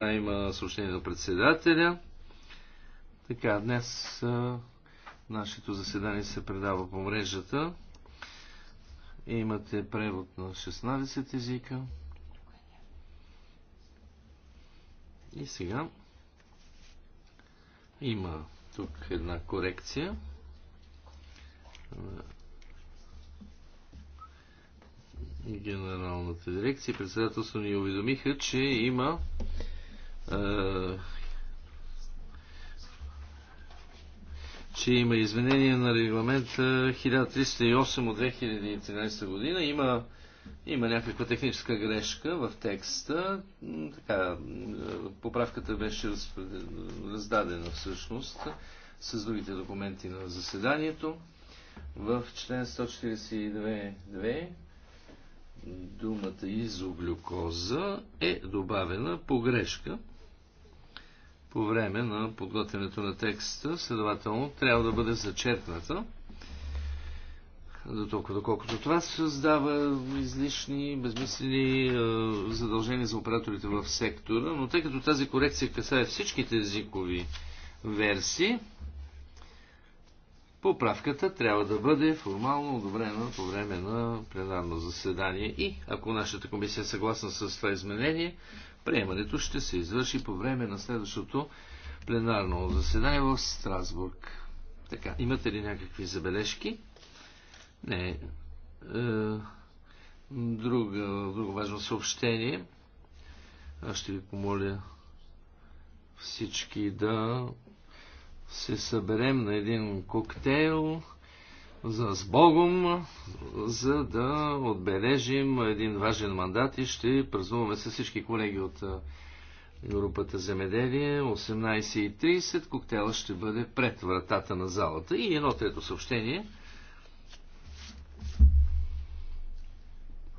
А Има съобщение на председателя. Така, днес нашето заседание се предава по мрежата. Имате превод на 16 езика. И сега има тук една корекция. Генералната дирекция председателство ни уведомиха, че има е, че има изменение на регламент 1308 от 2013 година. Има, има някаква техническа грешка в текста. Така, е, поправката беше раздадена всъщност с другите документи на заседанието. В член 142.2 думата изоглюкоза е добавена по грешка по време на подготвянето на текста, следователно трябва да бъде зачеркната. До толкова, доколкото това създава излишни, безмислени задължения за операторите в сектора, но тъй като тази корекция касае всичките езикови версии, Поправката трябва да бъде формално одобрена по време на пленарно заседание и ако нашата комисия е съгласна с това изменение, Приемането ще се извърши по време на следващото пленарно заседание в Страсбург. Така, имате ли някакви забележки? Не. Е, друго важно съобщение. Аз ще ви помоля всички да се съберем на един коктейл за с Богом, за да отбележим един важен мандат и ще празнуваме с всички колеги от групата Земеделие. 18.30 коктейла ще бъде пред вратата на залата. И едно трето съобщение.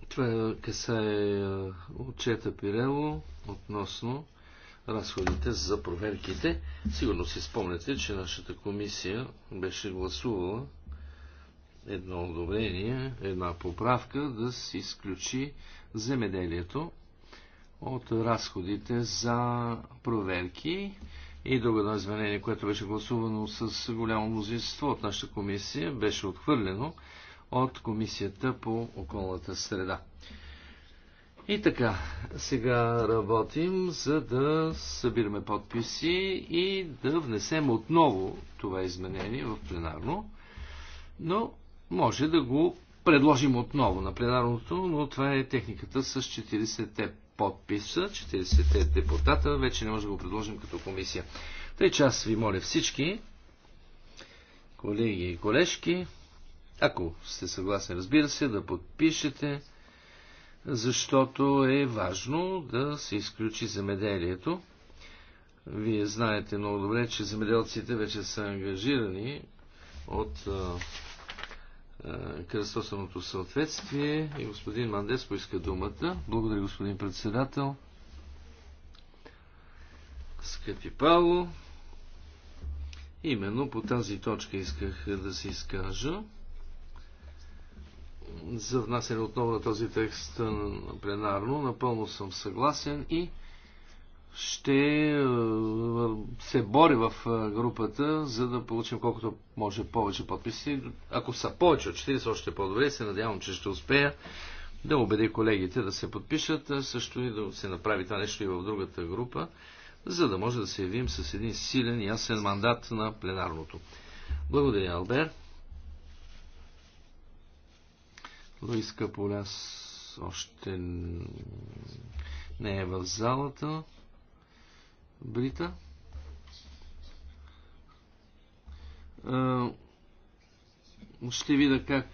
Това е касае отчета Пирело относно разходите за проверките. Сигурно си спомняте, че нашата комисия беше гласувала едно одобрение, една поправка да се изключи земеделието от разходите за проверки и друго едно изменение, което беше гласувано с голямо мнозинство от нашата комисия, беше отхвърлено от Комисията по околната среда. И така, сега работим, за да събираме подписи и да внесем отново това изменение в пленарно. Но може да го предложим отново на пленарното, но това е техниката с 40-те подписа, 40-те депутата, вече не може да го предложим като комисия. Тъй че аз ви моля всички, колеги и колежки, ако сте съгласни, разбира се, да подпишете, защото е важно да се изключи земеделието. Вие знаете много добре, че земеделците вече са ангажирани от е, кръстосаното съответствие и господин Мандес поиска думата. Благодаря, господин председател. Скъпи Павло, именно по тази точка исках да се изкажа за внасяне отново на този текст на пленарно. Напълно съм съгласен и ще е, се бори в е, групата, за да получим колкото може повече подписи. Ако са повече от 40, още по-добре. Се надявам, че ще успея да убеди колегите да се подпишат, а също и да се направи това нещо и в другата група, за да може да се явим с един силен ясен мандат на пленарното. Благодаря, Албер. Луиска Поляс още не е в залата. Брита. Ще видя как,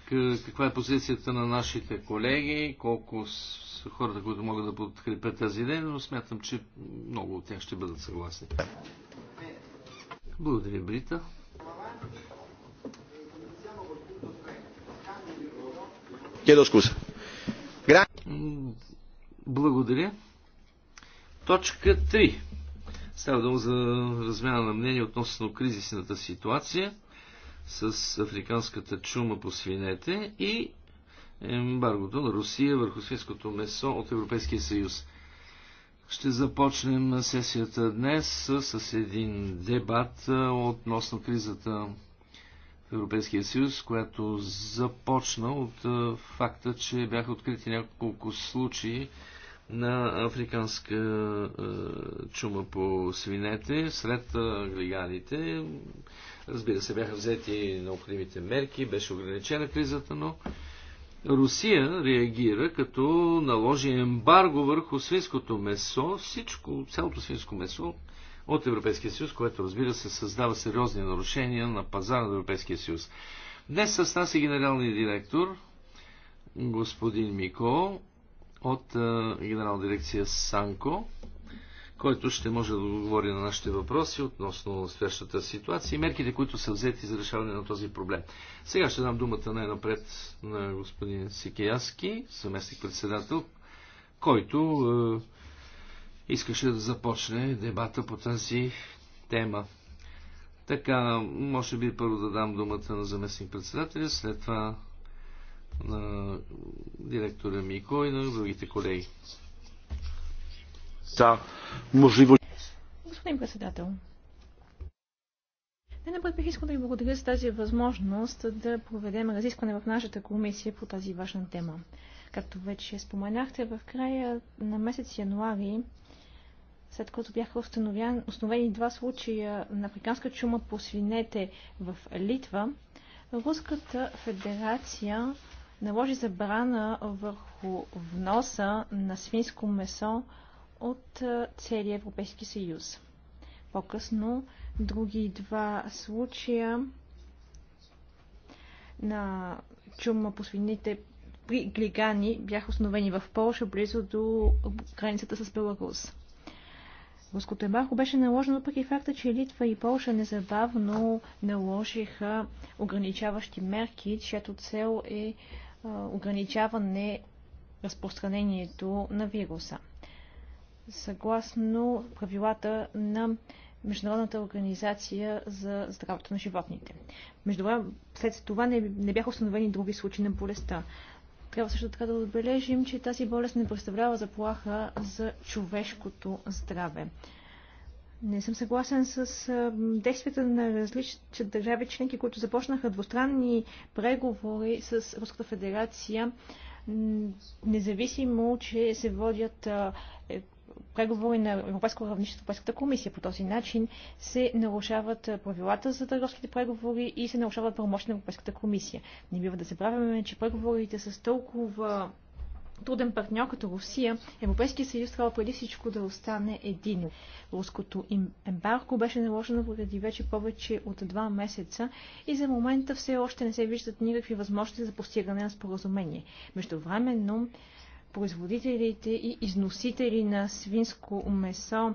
каква е позицията на нашите колеги, колко са хората, които могат да подкрепят тази идея, но смятам, че много от тях ще бъдат съгласни. Благодаря, Брита. Благодаря. Точка 3. Става дума за размяна на мнение относно кризисната ситуация с африканската чума по свинете и ембаргото на Русия върху свинското месо от Европейския съюз. Ще започнем сесията днес с един дебат относно кризата в Европейския съюз, която започна от факта, че бяха открити няколко случаи на африканска е, чума по свинете сред е, глиганите. Разбира се, бяха взети необходимите мерки, беше ограничена кризата, но Русия реагира като наложи ембарго върху свинското месо, всичко, цялото свинско месо от Европейския съюз, което разбира се създава сериозни нарушения на пазара на Европейския съюз. Днес с нас е генералният директор господин Мико от е, Генерална дирекция Санко, който ще може да отговори на нашите въпроси относно следващата ситуация и мерките, които са взети за решаване на този проблем. Сега ще дам думата най-напред на господин Сикияски, съместник-председател, който е, искаше да започне дебата по тази тема. Така, може би първо да дам думата на заместник-председателя, след това на директора Мико и на другите колеги. Да, можливо. Господин председател, не, напред бих искал да ви благодаря за тази възможност да проведем разискване в нашата комисия по тази важна тема. Както вече споменахте, в края на месец януари, след като бяха установени два случая на африканска чума по свинете в Литва, Руската федерация наложи забрана върху вноса на свинско месо от целия Европейски съюз. По-късно други два случая на чума по свините при глигани бяха установени в Польша, близо до границата с Беларус. Руското ембарго беше наложено въпреки факта, че Литва и Полша незабавно наложиха ограничаващи мерки, чиято цел е ограничаване разпространението на вируса. Съгласно правилата на Международната организация за здравето на животните. Между след това не, не бяха установени други случаи на болестта. Трябва също така да отбележим, че тази болест не представлява заплаха за човешкото здраве. Не съм съгласен с действията на различните държави членки, които започнаха двустранни преговори с Руската федерация, независимо, че се водят е, преговори на Европейско равнище с Европейската комисия. По този начин се нарушават правилата за търговските преговори и се нарушават правомощи на Европейската комисия. Не бива да забравяме, че преговорите с толкова труден партньор като Русия, Европейския съюз трябва преди всичко да остане един. Руското им ембарко беше наложено преди вече повече от два месеца и за момента все още не се виждат никакви възможности за постигане на споразумение. Междувременно производителите и износители на свинско месо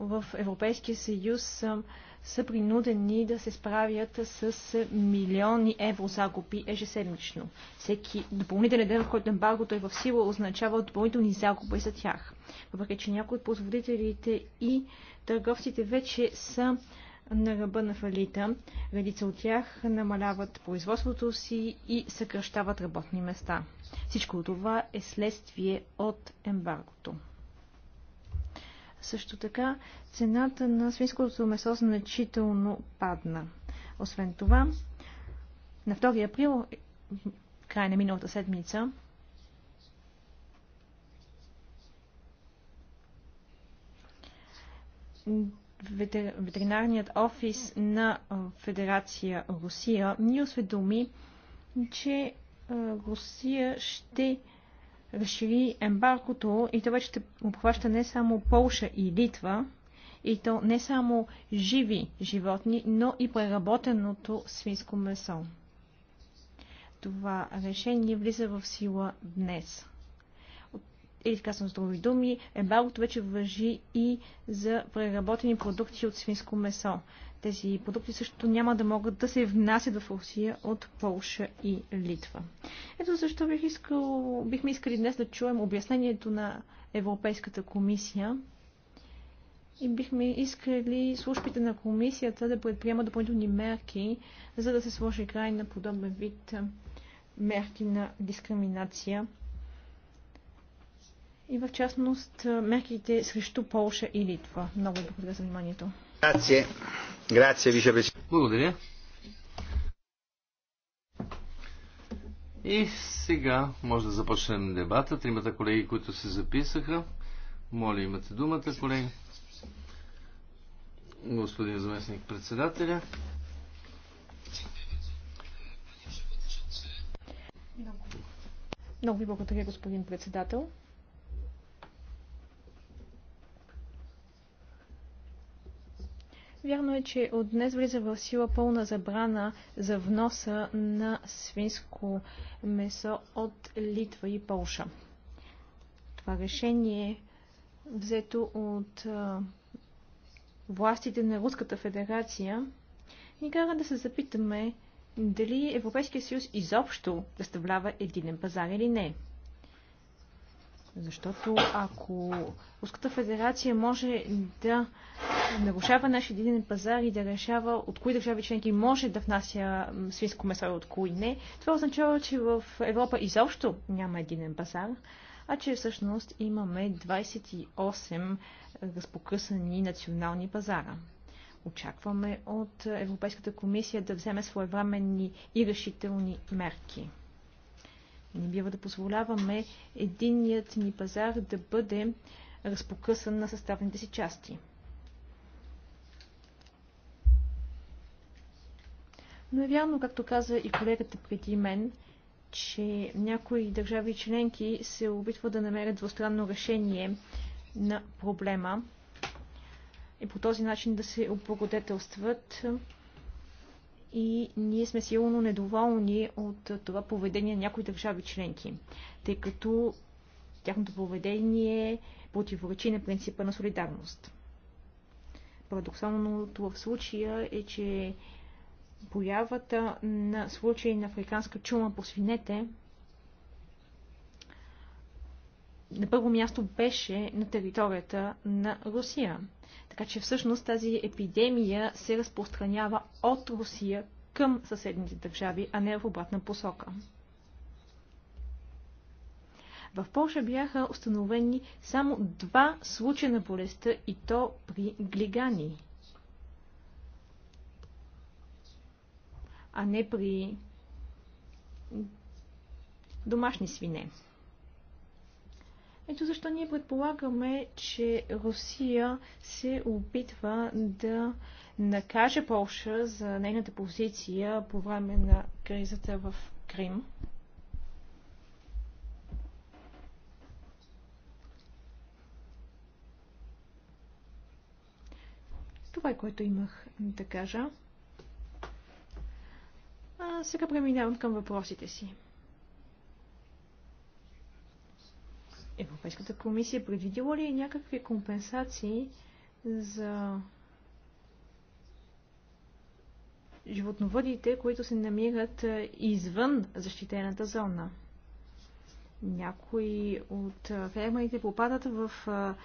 в Европейския съюз са са принудени да се справят с милиони евро загуби ежеседмично. Всеки допълнителен ден, в който ембаргото е в сила, означава допълнителни загуби за тях. Въпреки, че някои от производителите и търговците вече са на ръба на фалита. Редица от тях намаляват производството си и съкръщават работни места. Всичко това е следствие от ембаргото. Също така цената на свинското месо значително падна. Освен това, на 2 април, край на миналата седмица, ветеринарният офис на Федерация Русия ни осведоми, че Русия ще разшири ембаркото и то вече ще обхваща не само Полша и Литва, и то не само живи животни, но и преработеното свинско месо. Това решение влиза в сила днес. Или казвам с други думи, ембаргото вече въжи и за преработени продукти от свинско месо. Тези продукти също няма да могат да се внасят в Русия от Полша и Литва. Ето защо бих искал, бихме искали днес да чуем обяснението на Европейската комисия и бихме искали службите на комисията да предприемат допълнителни мерки, за да се сложи край на подобен вид мерки на дискриминация. И в частност мерките срещу Полша и Литва. Много благодаря за вниманието. Благодаря. И сега може да започнем дебата. Тримата колеги, които се записаха. Моля, имате думата, колеги. Господин заместник председателя. Много. Много ви благодаря, господин председател. Вярно е, че от днес влиза в сила пълна забрана за вноса на свинско месо от Литва и Полша. Това решение е взето от властите на Руската федерация ни кара да се запитаме дали Европейския съюз изобщо представлява единен пазар или не. Защото ако Руската федерация може да нарушава нашия единен пазар и да решава от кои държави членки може да внася свинско месо и от кои не, това означава, че в Европа изобщо няма единен пазар, а че всъщност имаме 28 разпокъсани национални пазара. Очакваме от Европейската комисия да вземе своевременни и решителни мерки. Не бива да позволяваме единният ни пазар да бъде разпокъсан на съставните си части. Но е вярно, както каза и колегата преди мен, че някои държави членки се опитват да намерят двустранно решение на проблема и по този начин да се облагодетелстват и ние сме силно недоволни от това поведение на някои държави членки, тъй като тяхното поведение противоречи на принципа на солидарност. Парадоксалното в случая е, че появата на случай на африканска чума по свинете на първо място беше на територията на Русия. Така че всъщност тази епидемия се разпространява от Русия към съседните държави, а не в обратна посока. В Польша бяха установени само два случая на болестта и то при глигани, а не при домашни свине. Ето защо ние предполагаме, че Русия се опитва да накаже Полша за нейната позиция по време на кризата в Крим. Това е което имах да кажа. А сега преминавам към въпросите си. Европейската комисия предвидила ли е някакви компенсации за животновъдите, които се намират е, извън защитената зона? Някои от е, фермерите попадат в е,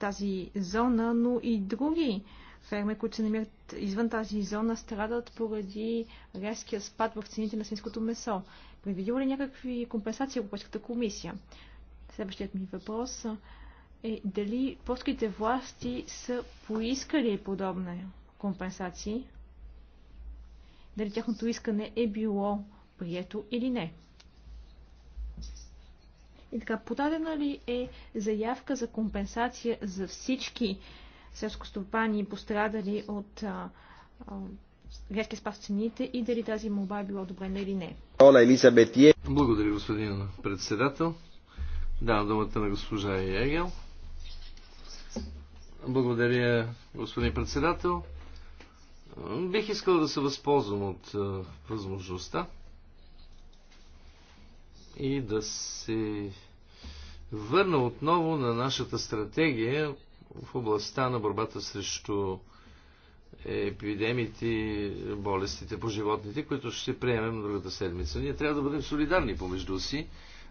тази зона, но и други ферми, които се намират извън тази зона, страдат поради резкия спад в цените на свинското месо. Предвидила ли някакви компенсации Европейската комисия? Следващият ми въпрос е дали полските власти са поискали подобни компенсации, дали тяхното искане е било прието или не. И така, подадена ли е заявка за компенсация за всички селскостопани пострадали от а, а, цените и дали тази молба е била одобрена или не? Е. Благодаря, господин председател. Да, думата на госпожа Егел. Благодаря, господин председател. Бих искал да се възползвам от е, възможността и да се върна отново на нашата стратегия в областта на борбата срещу епидемиите, болестите по животните, които ще приемем другата седмица. Ние трябва да бъдем солидарни помежду си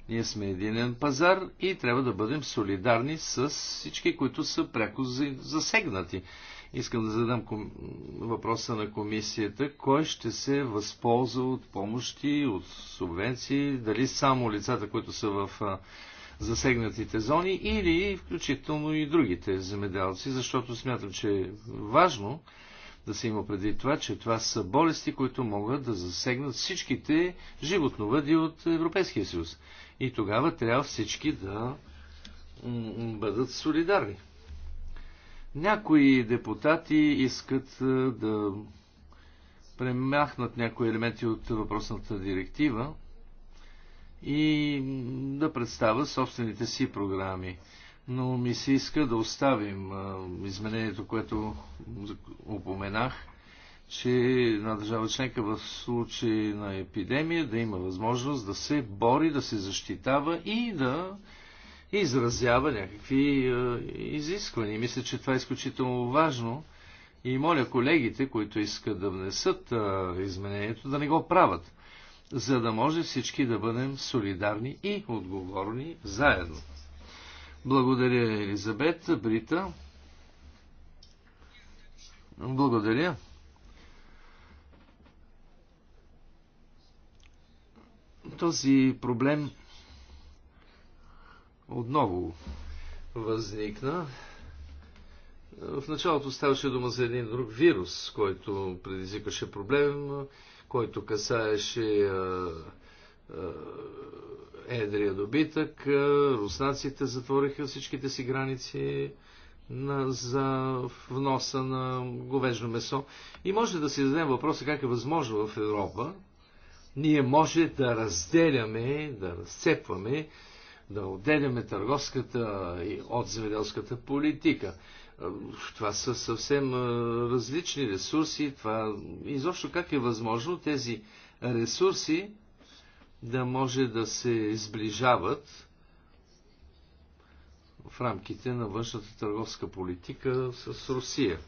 ние сме единен пазар и трябва да бъдем солидарни с всички, които са пряко засегнати. Искам да задам ком... въпроса на комисията. Кой ще се възползва от помощи, от субвенции? Дали само лицата, които са в засегнатите зони или включително и другите земеделци, защото смятам, че е важно да се има преди това, че това са болести, които могат да засегнат всичките животновъди от Европейския съюз. И тогава трябва всички да бъдат солидарни. Някои депутати искат да премахнат някои елементи от въпросната директива и да представят собствените си програми но ми се иска да оставим изменението, което упоменах, че една държава членка в случай на епидемия да има възможност да се бори, да се защитава и да изразява някакви изисквания. Мисля, че това е изключително важно и моля колегите, които искат да внесат изменението, да не го правят, за да може всички да бъдем солидарни и отговорни заедно. Благодаря, Елизабет, Брита. Благодаря. Този проблем отново възникна. В началото ставаше дума за един друг вирус, който предизвикаше проблем, който касаеше а, а, едрия добитък. Руснаците затвориха всичките си граници на, за вноса на говеждо месо. И може да си зададем въпроса как е възможно в Европа ние може да разделяме, да разцепваме, да отделяме търговската и от земеделската политика. Това са съвсем различни ресурси. Това изобщо как е възможно тези ресурси да може да се сближават в рамките на външната търговска политика с Русия.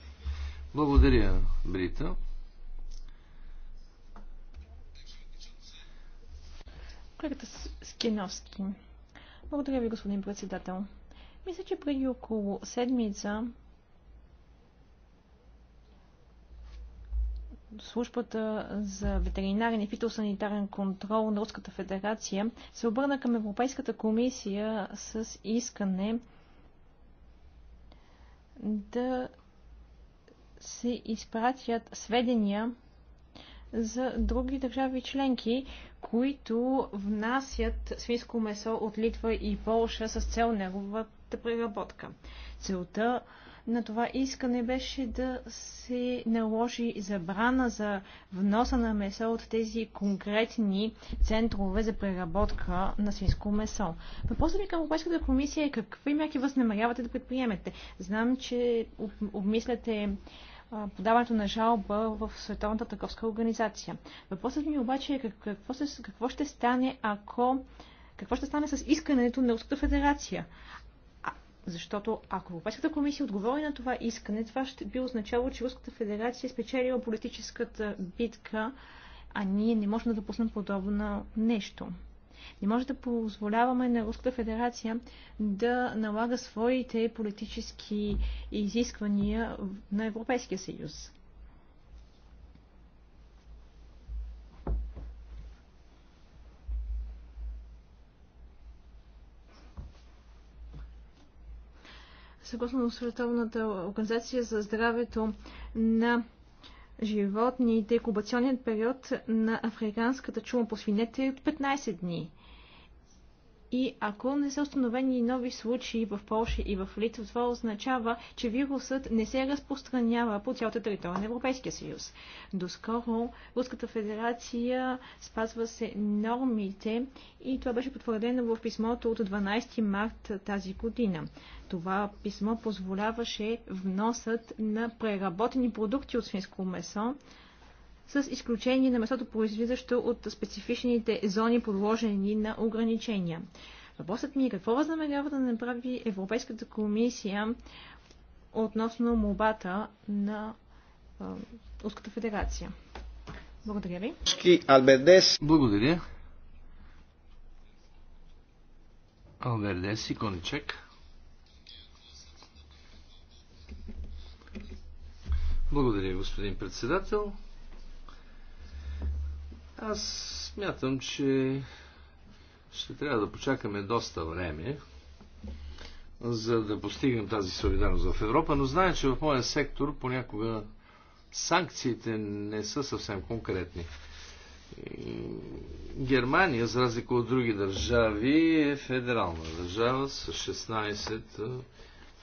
Благодаря, Брита. Колегата Скиновски. Благодаря ви, господин председател. Мисля, че преди около седмица службата за ветеринарен и фитосанитарен контрол на Руската федерация се обърна към Европейската комисия с искане да се изпратят сведения за други държави членки, които внасят свинско месо от Литва и Полша с цел неговата преработка. Целта на това искане беше да се наложи забрана за вноса на месо от тези конкретни центрове за преработка на свинско месо. Въпросът ми към Европейската комисия е какви мерки възнамерявате да предприемете. Знам, че обмисляте подаването на жалба в Световната търговска организация. Въпросът ми обаче е какво, се, какво ще стане, ако какво ще стане с искането на Руската федерация? Защото ако Европейската комисия отговори на това искане, това ще би означало, че Руската федерация е спечелила политическата битка, а ние не можем да допуснем подобно нещо. Не може да позволяваме на Руската федерация да налага своите политически изисквания на Европейския съюз. съгласно Световната организация за здравето на животните, инкубационният период на африканската чума по свинете е 15 дни. И ако не са установени нови случаи в Польша и в Литва, това означава, че вирусът не се разпространява по цялата територия на Европейския съюз. Доскоро Руската федерация спазва се нормите и това беше потвърдено в писмото от 12 март тази година. Това писмо позволяваше вносът на преработени продукти от свинско месо, с изключение на местото произлизащо от специфичните зони, подложени на ограничения. Въпросът ми е какво възнамерява да направи Европейската комисия относно молбата на Руската федерация. Благодаря ви. Благодаря. Албердес и Коничек. Благодаря, господин председател. Аз смятам, че ще трябва да почакаме доста време, за да постигнем тази солидарност в Европа, но знае, че в моя сектор понякога санкциите не са съвсем конкретни. Германия, за разлика от други държави, е федерална държава с 16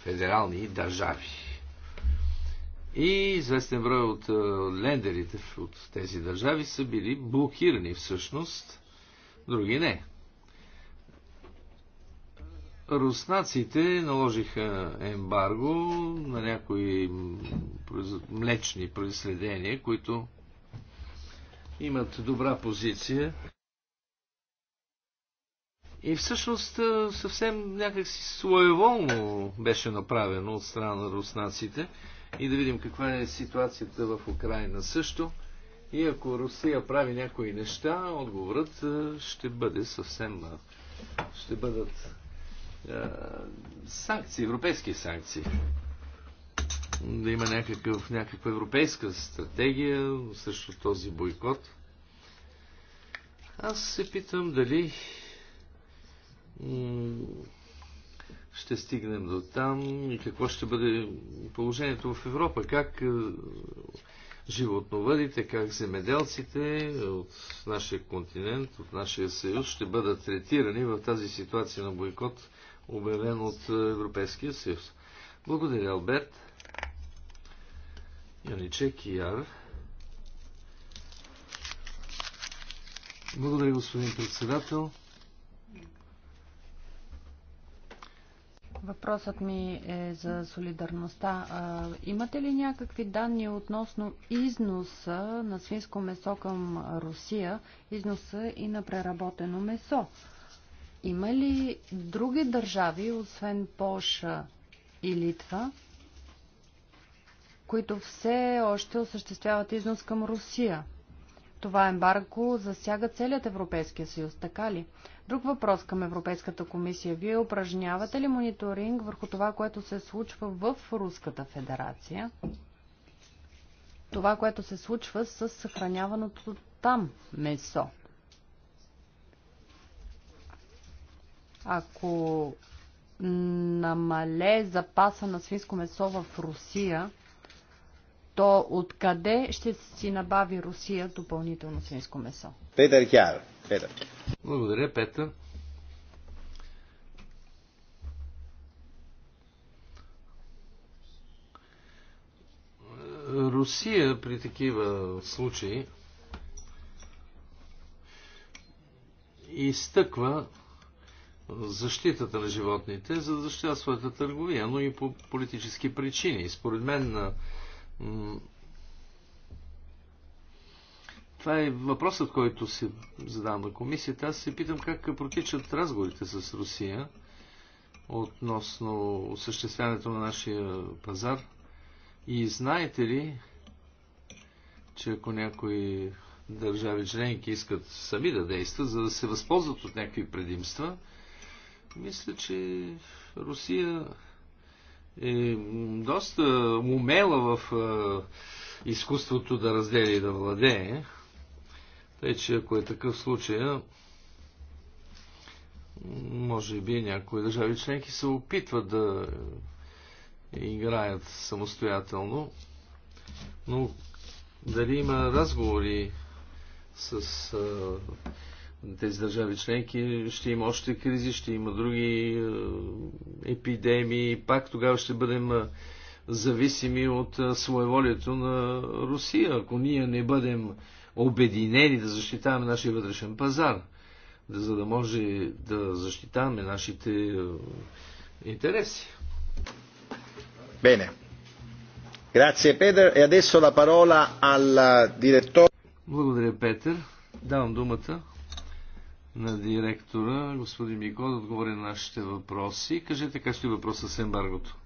федерални държави. И известен брой от е, лендерите от тези държави са били блокирани всъщност, други не. Руснаците наложиха ембарго на някои млечни произведения, които имат добра позиция. И всъщност е, съвсем някакси своеволно беше направено от страна на руснаците и да видим каква е ситуацията в Украина също. И ако Русия прави някои неща, отговорът е, ще бъде съвсем... Е, ще бъдат е, санкции, европейски санкции. Да има някакъв, някаква европейска стратегия срещу този бойкот. Аз се питам дали ще стигнем до там и какво ще бъде положението в Европа, как е, животновъдите, как земеделците от нашия континент, от нашия съюз ще бъдат третирани в тази ситуация на бойкот, обявен от е, Европейския съюз. Благодаря, Алберт. Яничек и Яр. Благодаря, господин председател. Въпросът ми е за солидарността. А, имате ли някакви данни относно износа на свинско месо към Русия, износа и на преработено месо? Има ли други държави, освен Польша и Литва, които все още осъществяват износ към Русия? това ембарго засяга целият Европейския съюз, така ли? Друг въпрос към Европейската комисия. Вие упражнявате ли мониторинг върху това, което се случва в Руската федерация? Това, което се случва с съхраняваното там месо. Ако намале запаса на свинско месо в Русия, то откъде ще си набави Русия допълнително свинско месо? Петър Хяр. Петър. Благодаря, Петър. Русия при такива случаи изтъква защитата на животните, за да защитава своята търговия, но и по политически причини. Според мен това е въпросът, който се задавам на комисията. Аз се питам как протичат разговорите с Русия относно осъществяването на нашия пазар. И знаете ли, че ако някои държави членки искат сами да действат, за да се възползват от някакви предимства, мисля, че Русия е доста умела в е, изкуството да разделя и да владее. Тъй, че ако е такъв случай, може би някои държави членки се опитват да е, играят самостоятелно, но дали има разговори с е, тези държави членки ще има още кризи, ще има други е, епидемии и пак тогава ще бъдем е, зависими от е, своеволието на Русия, ако ние не бъдем обединени да защитаваме нашия вътрешен пазар, да, за да може да защитаваме нашите интереси. Бене. Грация, Петър. И адесо ла парола ал директор. Благодаря, Петър. Давам думата на директора, господин Мико, да отговори на нашите въпроси. Кажете как стои въпроса с ембаргото.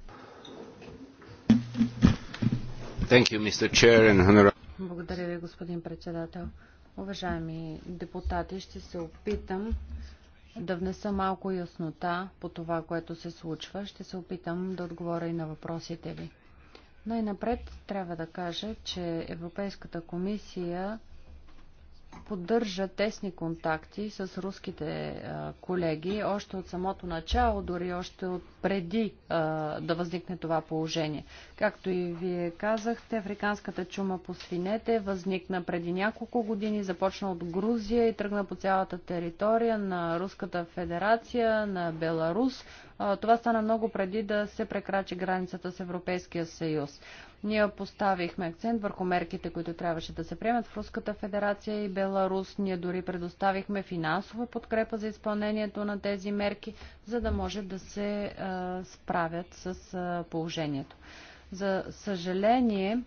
You, Благодаря ви, господин председател. Уважаеми депутати, ще се опитам да внеса малко яснота по това, което се случва. Ще се опитам да отговоря и на въпросите ви. Най-напред трябва да кажа, че Европейската комисия поддържа тесни контакти с руските колеги още от самото начало, дори още от преди да възникне това положение. Както и вие казахте, африканската чума по свинете възникна преди няколко години, започна от Грузия и тръгна по цялата територия на Руската федерация, на Беларус. Това стана много преди да се прекрачи границата с Европейския съюз. Ние поставихме акцент върху мерките, които трябваше да се приемат в Руската федерация и Беларус. Ние дори предоставихме финансова подкрепа за изпълнението на тези мерки, за да може да се справят с положението. За съжаление,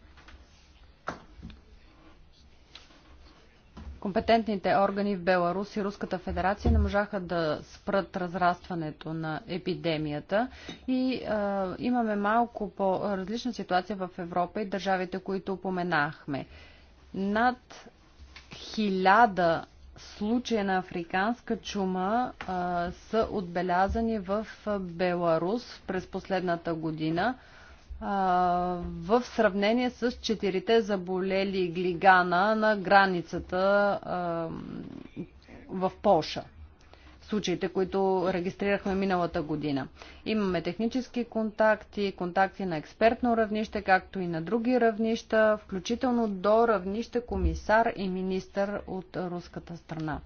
Компетентните органи в Беларус и Руската федерация не можаха да спрат разрастването на епидемията и а, имаме малко по-различна ситуация в Европа и държавите, които упоменахме. Над хиляда случая на африканска чума а, са отбелязани в Беларус през последната година в сравнение с четирите заболели глигана на границата в Польша. Случаите, които регистрирахме миналата година. Имаме технически контакти, контакти на експертно равнище, както и на други равнища, включително до равнище комисар и министър от руската страна.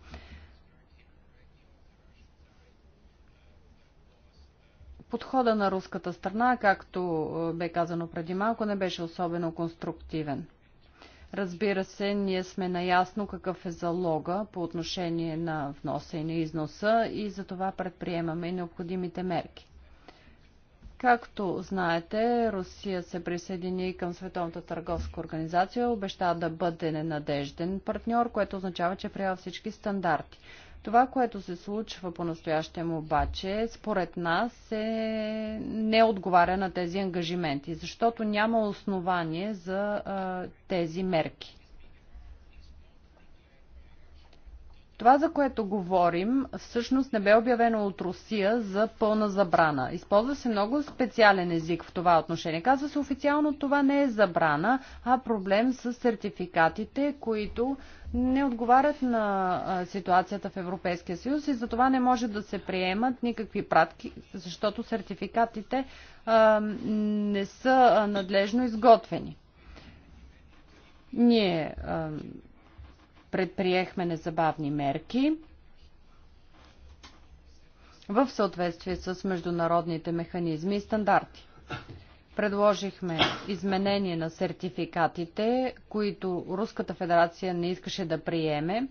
подхода на руската страна, както е, бе казано преди малко, не беше особено конструктивен. Разбира се, ние сме наясно какъв е залога по отношение на вноса и на износа и за това предприемаме и необходимите мерки. Както знаете, Русия се присъедини към Световната търговска организация, обеща да бъде ненадежден партньор, което означава, че приява всички стандарти. Това, което се случва по-настоящем обаче, според нас е не отговаря на тези ангажименти, защото няма основание за а, тези мерки. Това, за което говорим, всъщност не бе обявено от Русия за пълна забрана. Използва се много специален език в това отношение. Казва се официално това не е забрана, а проблем с сертификатите, които не отговарят на ситуацията в Европейския съюз и затова не може да се приемат никакви пратки, защото сертификатите не са надлежно изготвени. Ние предприехме незабавни мерки в съответствие с международните механизми и стандарти. Предложихме изменение на сертификатите, които Руската федерация не искаше да приеме.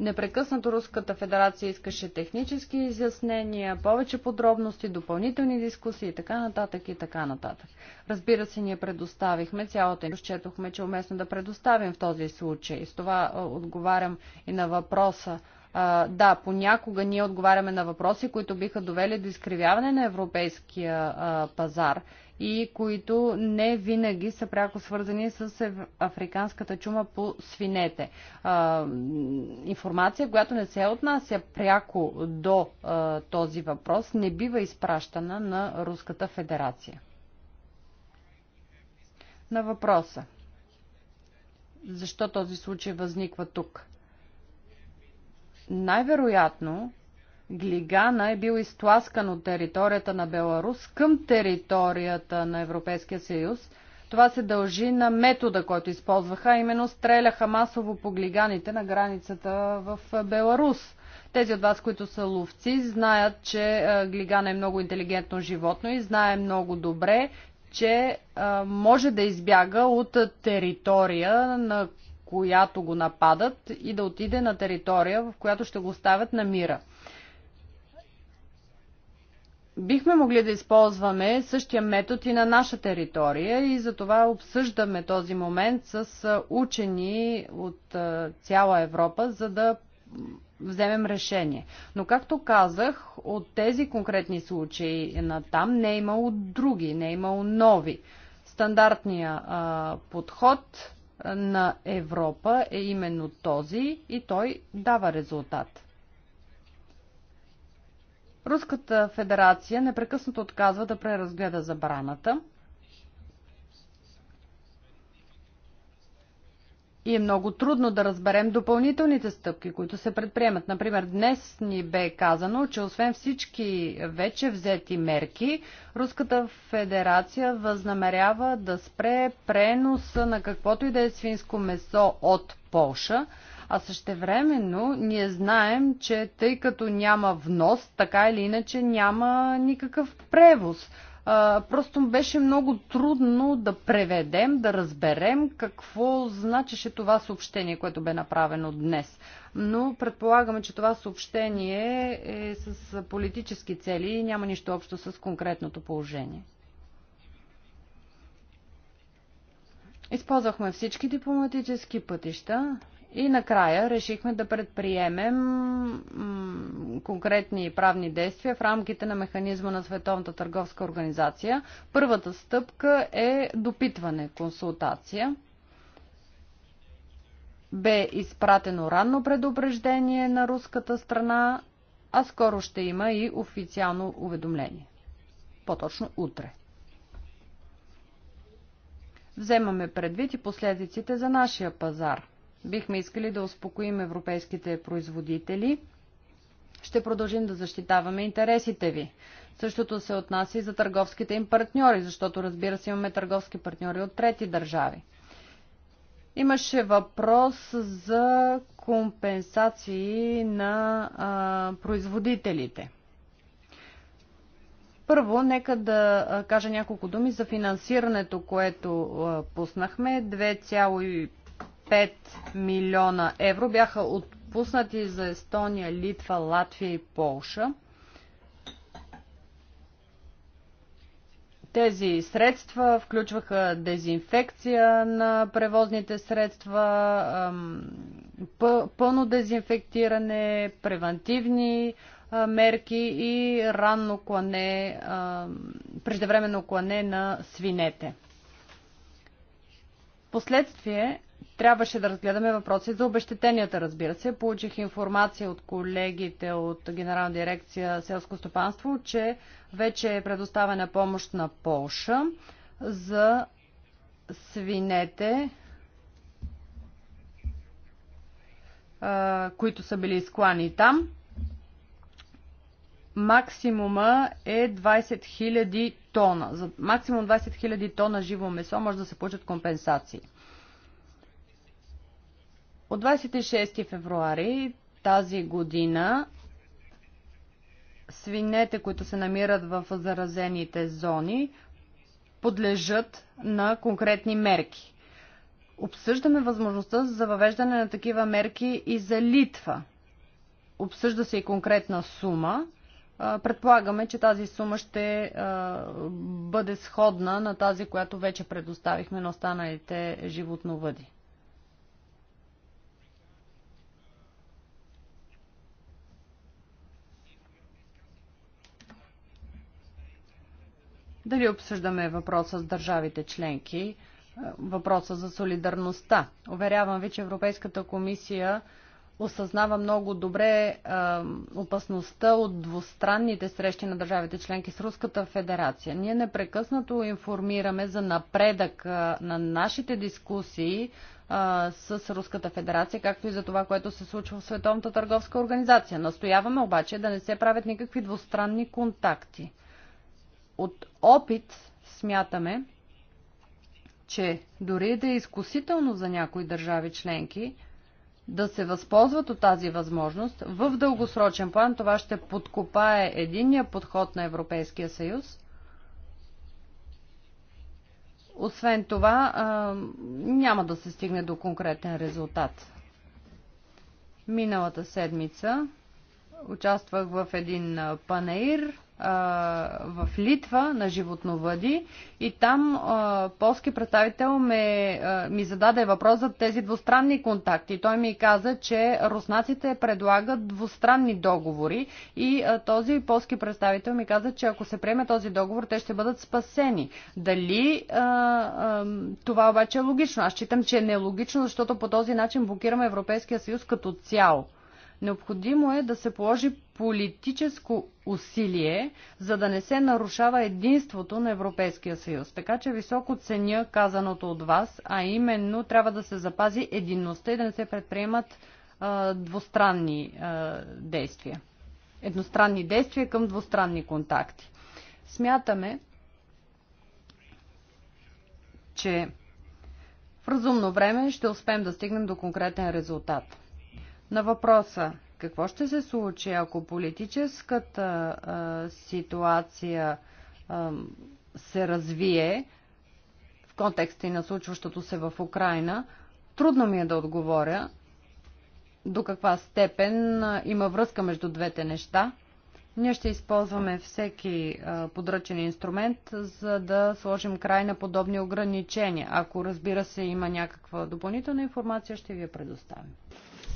Непрекъснато Руската федерация искаше технически изяснения, повече подробности, допълнителни дискусии и така нататък и така нататък. Разбира се, ние предоставихме цялата и разчетохме, че е уместно да предоставим в този случай. С това отговарям и на въпроса. А, да, понякога ние отговаряме на въпроси, които биха довели до изкривяване на европейския а, пазар и които не винаги са пряко свързани с африканската чума по свинете. А, информация, която не се отнася пряко до а, този въпрос, не бива изпращана на Руската федерация. На въпроса. Защо този случай възниква тук? Най-вероятно Глигана е бил изтласкан от територията на Беларус към територията на Европейския съюз. Това се дължи на метода, който използваха, а именно стреляха масово по глиганите на границата в Беларус. Тези от вас, които са ловци, знаят, че глиган е много интелигентно животно и знае много добре, че може да избяга от територия, на която го нападат и да отиде на територия, в която ще го оставят на мира. Бихме могли да използваме същия метод и на наша територия и затова обсъждаме този момент с учени от цяла Европа, за да вземем решение. Но както казах, от тези конкретни случаи на там не е имало други, не е имало нови. Стандартният а, подход на Европа е именно този и той дава резултат. Руската федерация непрекъснато отказва да преразгледа забраната. И е много трудно да разберем допълнителните стъпки, които се предприемат. Например, днес ни бе казано, че освен всички вече взети мерки, Руската федерация възнамерява да спре преноса на каквото и да е свинско месо от Полша – а същевременно ние знаем, че тъй като няма внос, така или иначе няма никакъв превоз просто беше много трудно да преведем, да разберем какво значеше това съобщение, което бе направено днес. Но предполагаме, че това съобщение е с политически цели и няма нищо общо с конкретното положение. Използвахме всички дипломатически пътища, и накрая решихме да предприемем конкретни правни действия в рамките на механизма на Световната търговска организация. Първата стъпка е допитване, консултация. Бе изпратено ранно предупреждение на руската страна, а скоро ще има и официално уведомление. По-точно утре. Вземаме предвид и последиците за нашия пазар – Бихме искали да успокоим европейските производители. Ще продължим да защитаваме интересите ви. Същото се отнася и за търговските им партньори, защото разбира се имаме търговски партньори от трети държави. Имаше въпрос за компенсации на а, производителите. Първо, нека да кажа няколко думи за финансирането, което пуснахме. 2,5 5 милиона евро бяха отпуснати за Естония, Литва, Латвия и Полша. Тези средства включваха дезинфекция на превозните средства, пълно дезинфектиране, превентивни мерки и ранно клане, преждевременно клане на свинете. Впоследствие трябваше да разгледаме въпроси за обещетенията, разбира се. Получих информация от колегите от Генерална дирекция селско стопанство, че вече е предоставена помощ на Полша за свинете, които са били изклани там. Максимума е 20 000 тона. За максимум 20 000 тона живо месо може да се получат компенсации. От 26 февруари тази година свинете, които се намират в заразените зони, подлежат на конкретни мерки. Обсъждаме възможността за въвеждане на такива мерки и за Литва. Обсъжда се и конкретна сума. Предполагаме, че тази сума ще бъде сходна на тази, която вече предоставихме на останалите животновъди. Дали обсъждаме въпроса с държавите членки, е, въпроса за солидарността? Уверявам ви, че Европейската комисия осъзнава много добре е, опасността от двустранните срещи на държавите членки с Руската федерация. Ние непрекъснато информираме за напредък е, на нашите дискусии е, с Руската федерация, както и за това, което се случва в Световната търговска организация. Настояваме обаче да не се правят никакви двустранни контакти от опит смятаме, че дори да е изкусително за някои държави членки да се възползват от тази възможност, в дългосрочен план това ще подкопае единния подход на Европейския съюз. Освен това, няма да се стигне до конкретен резултат. Миналата седмица Участвах в един панеир в Литва на животновъди и там полски представител ме, ми зададе въпрос за тези двустранни контакти. Той ми каза, че руснаците предлагат двустранни договори и този полски представител ми каза, че ако се приеме този договор, те ще бъдат спасени. Дали а, а, това обаче е логично? Аз считам, че е нелогично, защото по този начин блокираме Европейския съюз като цяло. Необходимо е да се положи политическо усилие, за да не се нарушава единството на Европейския съюз. Така че високо ценя казаното от вас, а именно трябва да се запази единността и да не се предприемат а, двустранни а, действия. Едностранни действия към двустранни контакти. Смятаме, че в разумно време ще успеем да стигнем до конкретен резултат. На въпроса какво ще се случи, ако политическата а, ситуация а, се развие в контекста и на случващото се в Украина, трудно ми е да отговоря до каква степен а, има връзка между двете неща. Ние ще използваме всеки а, подръчен инструмент, за да сложим край на подобни ограничения. Ако разбира се има някаква допълнителна информация, ще ви я предоставим.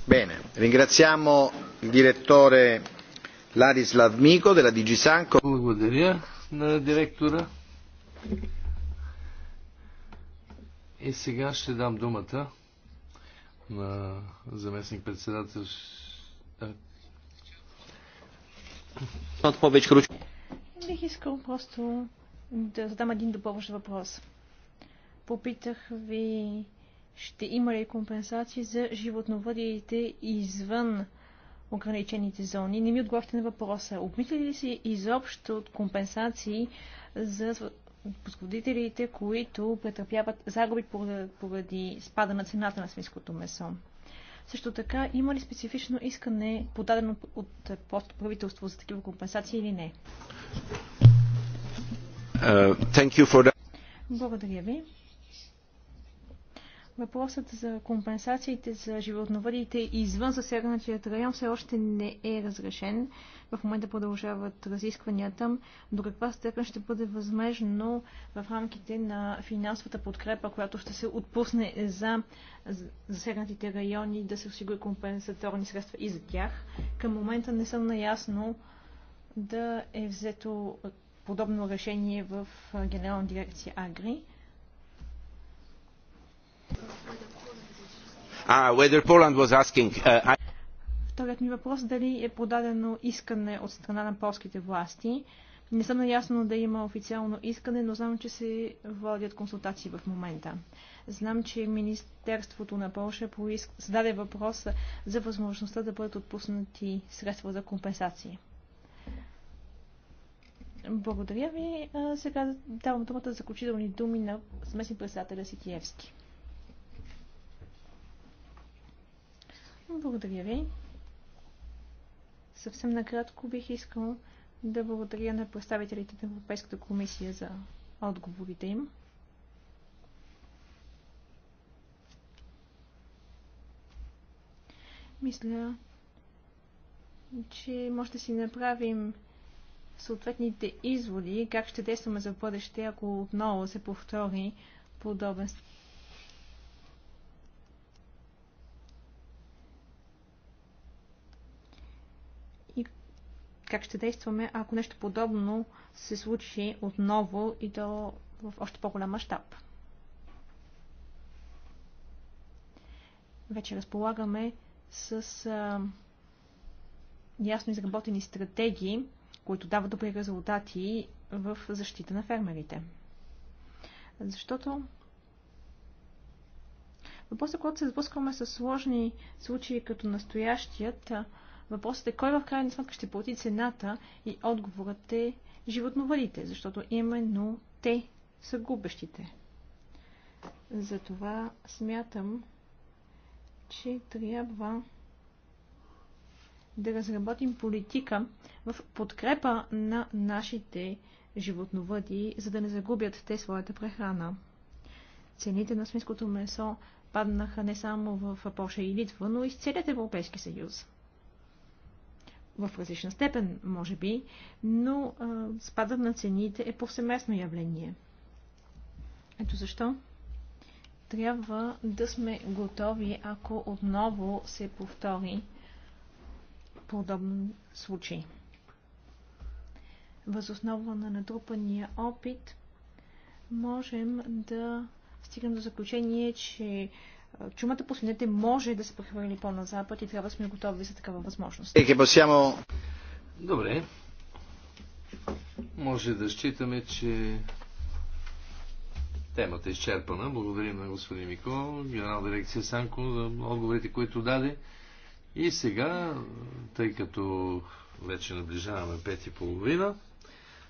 Bene, ringraziamo il direttore Ladislav Miko della DG Sanco. Благодаря на директора. И сега ще дам думата на заместник председател. Бих искал просто да задам един допълващ въпрос. Попитах ви ще има ли компенсации за животновъдите извън ограничените зони? Не ми отговорите на въпроса. Обмисля ли се изобщо от компенсации за производителите, които претърпяват загуби поради спада на цената на свинското месо? Също така, има ли специфично искане, подадено от просто правителство за такива компенсации или не? Uh, Благодаря ви. Въпросът за компенсациите за животновъдите извън засегнатият район все още не е разрешен. В момента продължават разискванията. До каква степен ще бъде възмежно в рамките на финансовата подкрепа, която ще се отпусне за засегнатите райони да се осигури компенсаторни средства и за тях. Към момента не съм наясно да е взето подобно решение в Генерална дирекция Агри. Uh, Вторият ми въпрос е дали е подадено искане от страна на полските власти. Не съм наясно да има официално искане, но знам, че се водят консултации в момента. Знам, че Министерството на Польша поиск... зададе въпрос за възможността да бъдат отпуснати средства за компенсации. Благодаря ви. Сега давам думата за заключителни думи на заместник председателя Ситиевски. Благодаря ви. Съвсем накратко бих искал да благодаря на представителите на Европейската комисия за отговорите им. Мисля, че може да си направим съответните изводи, как ще действаме за бъдеще, ако отново се повтори подобен как ще действаме, ако нещо подобно се случи отново и то в още по-голям мащаб. Вече разполагаме с а, ясно изработени стратегии, които дават добри резултати в защита на фермерите. Защото въпросът, когато се сблъскваме с сложни случаи като настоящият, Въпросът е кой в крайна сметка ще плати цената и отговорът е животновъдите, защото именно те са губещите. Затова смятам, че трябва да разработим политика в подкрепа на нашите животновъди, за да не загубят те своята прехрана. Цените на свинското месо паднаха не само в Польша и Литва, но и с целият Европейски съюз в различна степен, може би, но а, спадът на цените е повсеместно явление. Ето защо трябва да сме готови, ако отново се повтори подобен случай. Възоснова на натрупания опит можем да стигнем до заключение, че чумата по свинете може да се прехвърли по-назапад и трябва да сме готови за такава възможност. Е, Добре. Може да считаме, че темата е изчерпана. Благодарим на господин Мико, генерал дирекция Санко за отговорите, които даде. И сега, тъй като вече наближаваме пет и половина,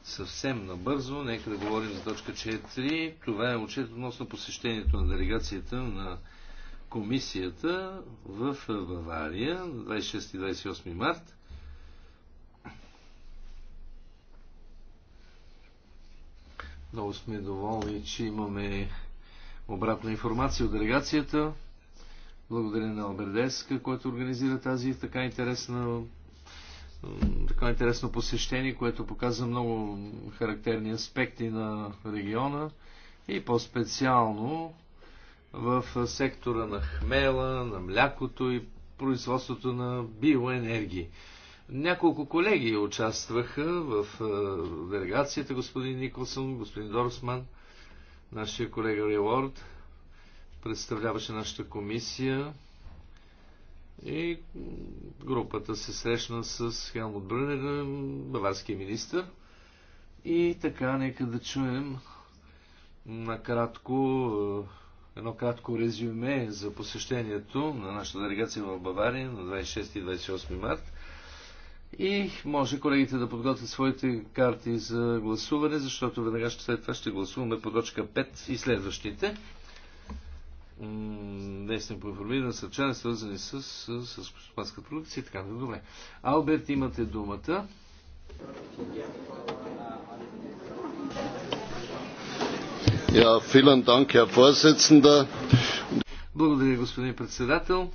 съвсем набързо, нека да говорим за точка 4. Това е отчет относно посещението на делегацията на комисията в Бавария на 26 и 28 март Много сме доволни, че имаме обратна информация от делегацията. Благодаря на Албердеска, който организира тази така интересна така интересно посещение, което показва много характерни аспекти на региона и по-специално в сектора на хмела, на млякото и производството на биоенергии. Няколко колеги участваха в е, делегацията, господин Николсон, господин Дорсман, нашия колега Релорд, представляваше нашата комисия и групата се срещна с Хелмут Брюнер, баварския министр. И така, нека да чуем накратко е, едно кратко резюме за посещението на нашата делегация в Бавария на 26 и 28 март. И може колегите да подготвят своите карти за гласуване, защото веднага след това ще гласуваме по точка 5 и следващите. Днес сме поинформирани насърчане, свързани с, с, с продукция и така. Добре. Алберт, имате думата. Благодаря, господин председател.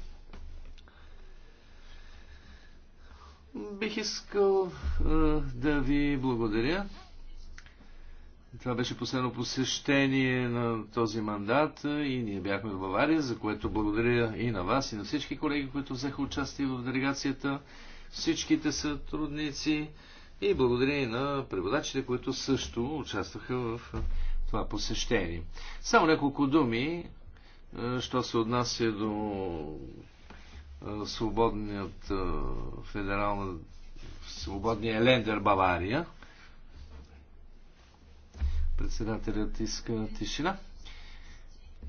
Бих искал да ви благодаря. Това беше последно посещение на този мандат и ние бяхме в Бавария, за което благодаря и на вас, и на всички колеги, които взеха участие в делегацията, всичките сътрудници и благодаря и на преводачите, които също участваха в това посещение. Само няколко думи, е, що се отнася до е, свободният е, федерална свободния Лендер Бавария. Председателят иска тишина.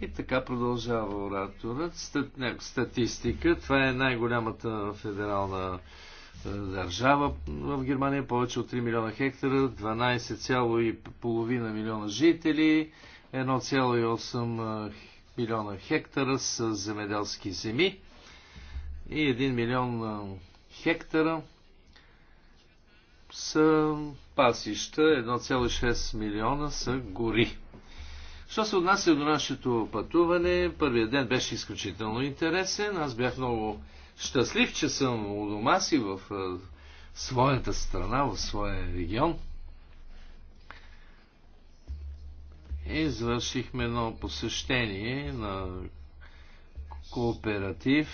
И така продължава ораторът. Стат, не, статистика. Това е най-голямата федерална държава в Германия, повече от 3 милиона хектара, 12,5 милиона жители, 1,8 милиона хектара с земеделски земи и 1 милион хектара С пасища, 1,6 милиона са гори. Що се отнася до нашето пътуване, първият ден беше изключително интересен. Аз бях много щастлив, че съм у дома си в своята страна, в своя регион. Извършихме едно посещение на кооператив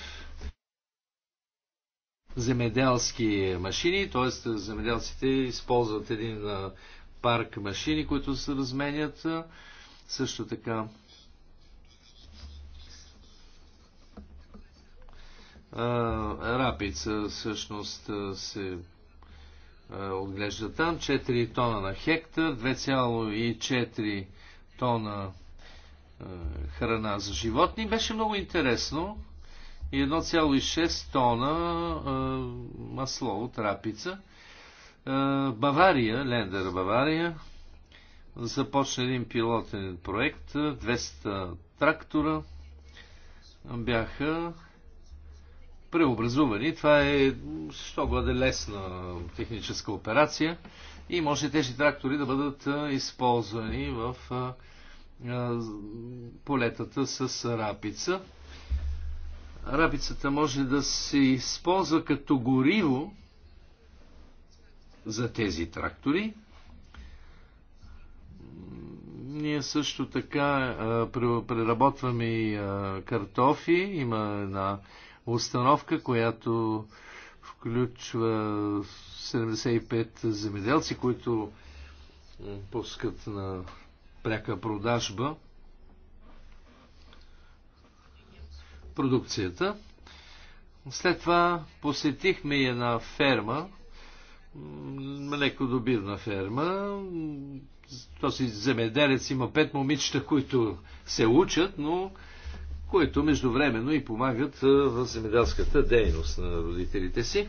земеделски машини, т.е. земеделците използват един парк машини, които се разменят. Също така рапица всъщност се отглежда там. 4 тона на хектар, 2,4 тона храна за животни. Беше много интересно и 1,6 тона масло от рапица. Бавария, Лендер Бавария, започна един пилотен проект. 200 трактора бяха преобразувани. Това е що е лесна техническа операция и може тези трактори да бъдат използвани в полетата с рапица. Рапицата може да се използва като гориво за тези трактори. Ние също така преработваме и картофи. Има една установка, която включва 75 земеделци, които пускат на пряка продажба продукцията. След това посетихме една ферма, млекодобивна ферма. Този земеделец има пет момичета, които се учат, но които междувременно и помагат в земеделската дейност на родителите си.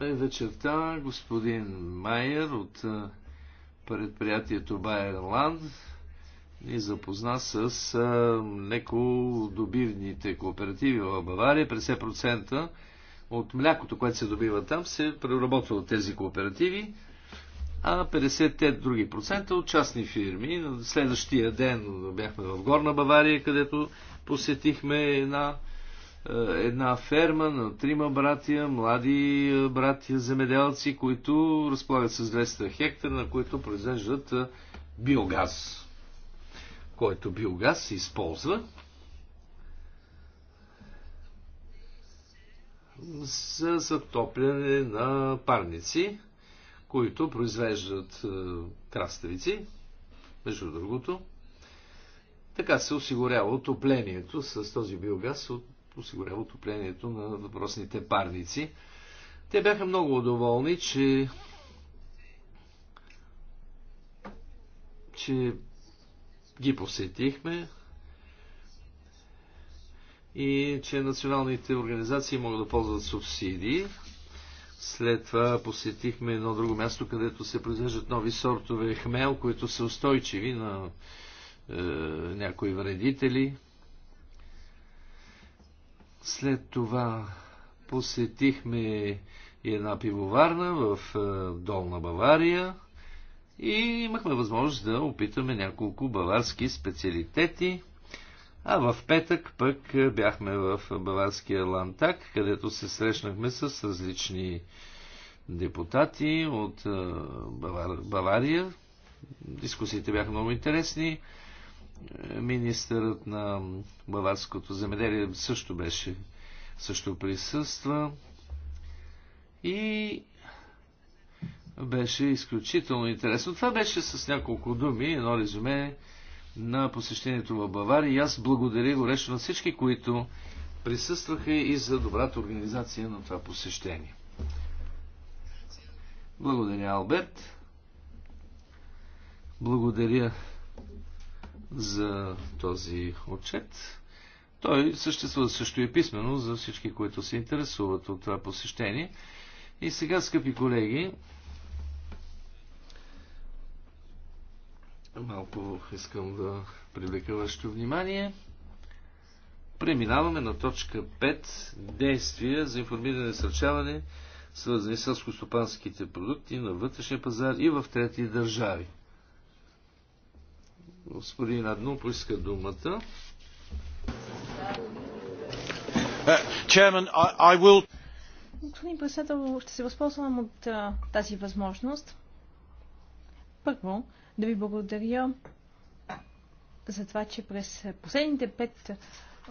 Е, вечерта господин Майер от предприятието Байерланд ни запозна с лекодобивните кооперативи в Бавария. 50% от млякото, което се добива там, се преработва от тези кооперативи а 50-те други процента от частни фирми. Следващия ден бяхме в Горна Бавария, където посетихме една, е, една ферма на трима братия, млади е, братия земеделци, които разполагат с 200 хектара, на които произвеждат е, биогаз, който биогаз се използва за затопляне на парници които произвеждат е, краставици, между другото. Така се осигурява отоплението с този биогаз, осигурява отоплението на въпросните парници. Те бяха много доволни, че че ги посетихме и че националните организации могат да ползват субсидии след това посетихме едно друго място, където се произвеждат нови сортове хмел, които са устойчиви на е, някои вредители. След това посетихме и една пивоварна в е, Долна Бавария и имахме възможност да опитаме няколко баварски специалитети. А в петък пък е, бяхме в Баварския Лантак, където се срещнахме с различни депутати от е, Бавар... Бавария. Дискусиите бяха много интересни. Е, министърът на баварското земеделие също беше, също присъства. И беше изключително интересно. Това беше с няколко думи, едно резюме на посещението в Бавария и аз благодаря горещо на всички, които присъстваха и за добрата организация на това посещение. Благодаря, Алберт. Благодаря за този отчет. Той съществува също и писменно за всички, които се интересуват от това посещение. И сега, скъпи колеги, Малко искам да привлека вашето внимание. Преминаваме на точка 5. Действия за информиране и насърчаване, свързани с стопанските продукти на вътрешния пазар и в трети държави. Господин Адно поиска думата. Uh, I, I will... Господин председател, ще се възползвам от тази възможност. Първо, да ви благодаря за това, че през последните пет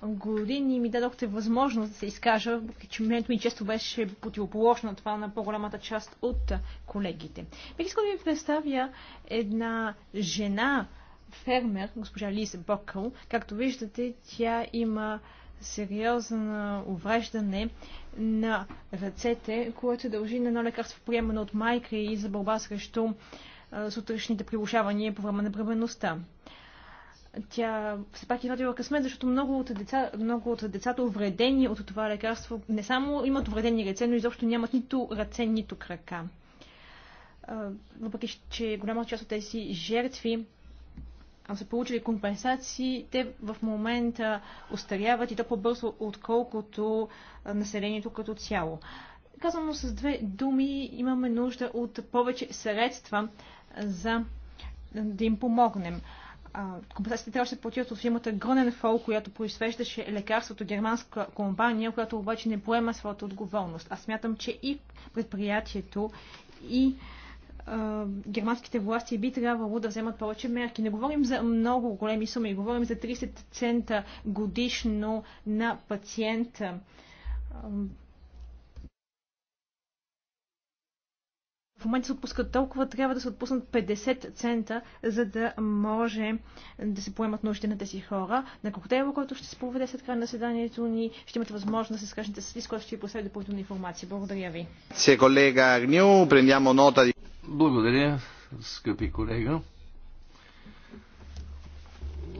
години ми дадохте възможност да се изкажа, че мнението ми често беше противоположно това на по-голямата част от колегите. Бих искал да ви представя една жена, фермер, госпожа Лиз Бокъл. Както виждате, тя има сериозно увреждане на ръцете, което дължи на едно лекарство, приемано от майка и за борба срещу сутрешните прилушавания по време на бременността. Тя все пак е радила късмет, защото много от, деца, много от децата увредени от това лекарство не само имат увредени ръце, но изобщо нямат нито ръце, нито крака. Въпреки, че голяма част от тези жертви са получили компенсации, те в момента остаряват и то по-бързо, отколкото населението като цяло. Казано с две думи, имаме нужда от повече средства за да им помогнем. Компенсациите трябваше да платят от фирмата Гроненфол, която произвеждаше лекарството германска компания, която обаче не поема своята отговорност. Аз смятам, че и предприятието, и германските власти би трябвало да вземат повече мерки. Не говорим за много големи суми, говорим за 30 цента годишно на пациента в момента се отпускат толкова, трябва да се отпуснат 50 цента, за да може да се поемат нуждите на тези хора. На коктейла, който ще се поведе след края на заседанието ни, ще имате възможност да се скажете с лист, който ще ви последва допълнителна информация. Благодаря ви. Благодаря, скъпи колега.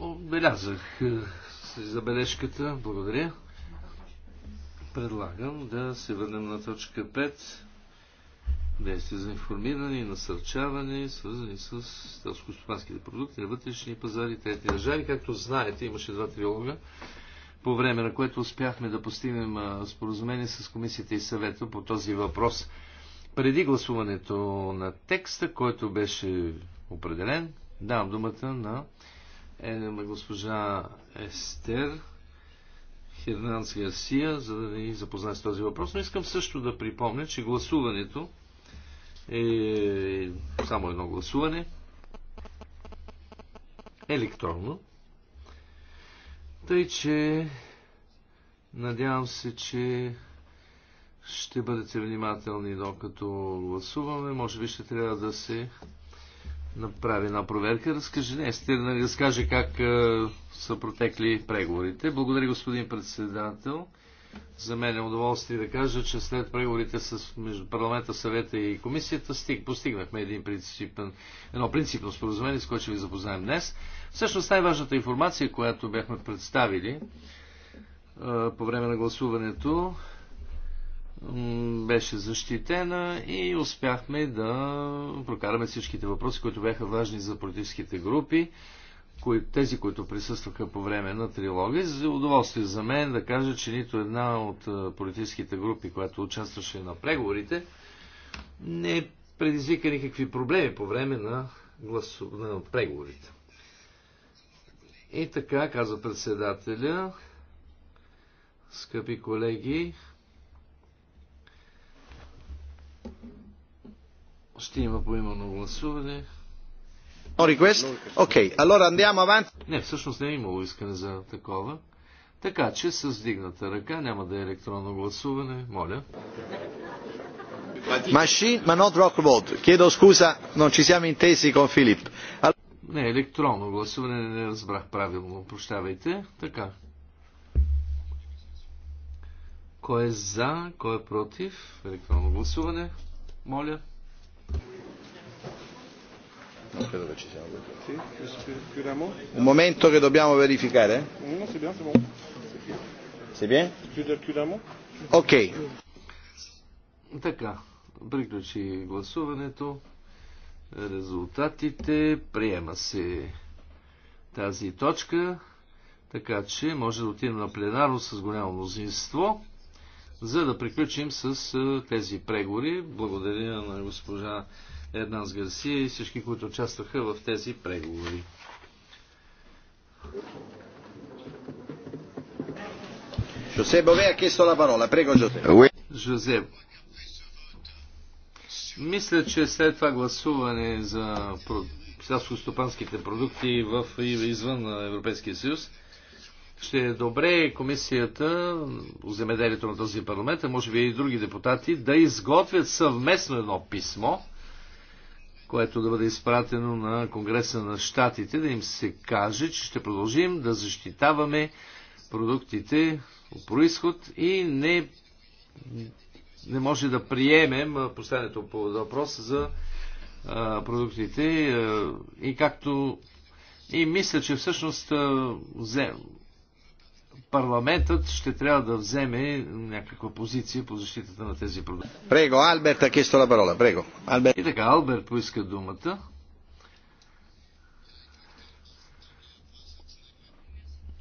Обелязах е, забележката. Благодаря. Предлагам да се върнем на точка 5 действия за информиране и насърчаване, свързани с селско-стопанските продукти на вътрешни пазари и трети държави. Както знаете, имаше два триолога, по време на което успяхме да постигнем споразумение с комисията и съвета по този въпрос. Преди гласуването на текста, който беше определен, давам думата на, е, на госпожа Естер Хернанс Гарсия, за да ни запознае с този въпрос. Но искам също да припомня, че гласуването е само едно гласуване. Електронно. Тъй, че надявам се, че ще бъдете внимателни докато гласуваме. Може би ще трябва да се направи една проверка. Разкажи, не, сте да разкаже как е, са протекли преговорите. Благодаря, господин председател. За мен е удоволствие да кажа, че след преговорите с между парламента, съвета и комисията стиг, постигнахме един принципен, едно принципно споразумение, с което ще ви запознаем днес. Всъщност най-важната информация, която бяхме представили по време на гласуването, беше защитена и успяхме да прокараме всичките въпроси, които бяха важни за политическите групи тези, които присъстваха по време на трилога. И за удоволствие за мен да кажа, че нито една от политическите групи, която участваше на преговорите, не предизвика никакви проблеми по време на, гласу... на преговорите. И така, каза председателя, скъпи колеги, ще има поимано гласуване. Okay. Allora не, всъщност не е имало искане за такова. Така че с дигната ръка няма да е електронно гласуване. Моля. Machine, ma not rock vote. Chiedo scusa, non ci siamo intesi con Filip. Не, електронно гласуване не разбрах правилно. Прощавайте. Така. Кой е за, кой е против? Електронно гласуване. Моля credo che ci Un momento che dobbiamo verificare? bien? Ok. Така, приключи гласуването. Резултатите. Приема се тази точка. Така че може да отидем на пленарно с голямо мнозинство, за да приключим с е, тези преговори. Благодаря на госпожа Еднанс Гарсия и всички, които участваха в тези преговори. Жозе Bové ha chiesto la parola. Prego, Мисля, че след това гласуване за селско-стопанските продукти в и извън Европейския съюз, ще е добре комисията, земеделието на този парламент, а може би и други депутати, да изготвят съвместно едно писмо, което да бъде изпратено на Конгреса на щатите, да им се каже, че ще продължим да защитаваме продуктите от происход и не, не може да приемем последното по въпрос за а, продуктите а, и както и мисля, че всъщност а, парламентът ще трябва да вземе някаква позиция по защитата на тези продукти. Прего, Алберт, а е кесто парола. Прего, Алберт. И така, Алберт поиска думата.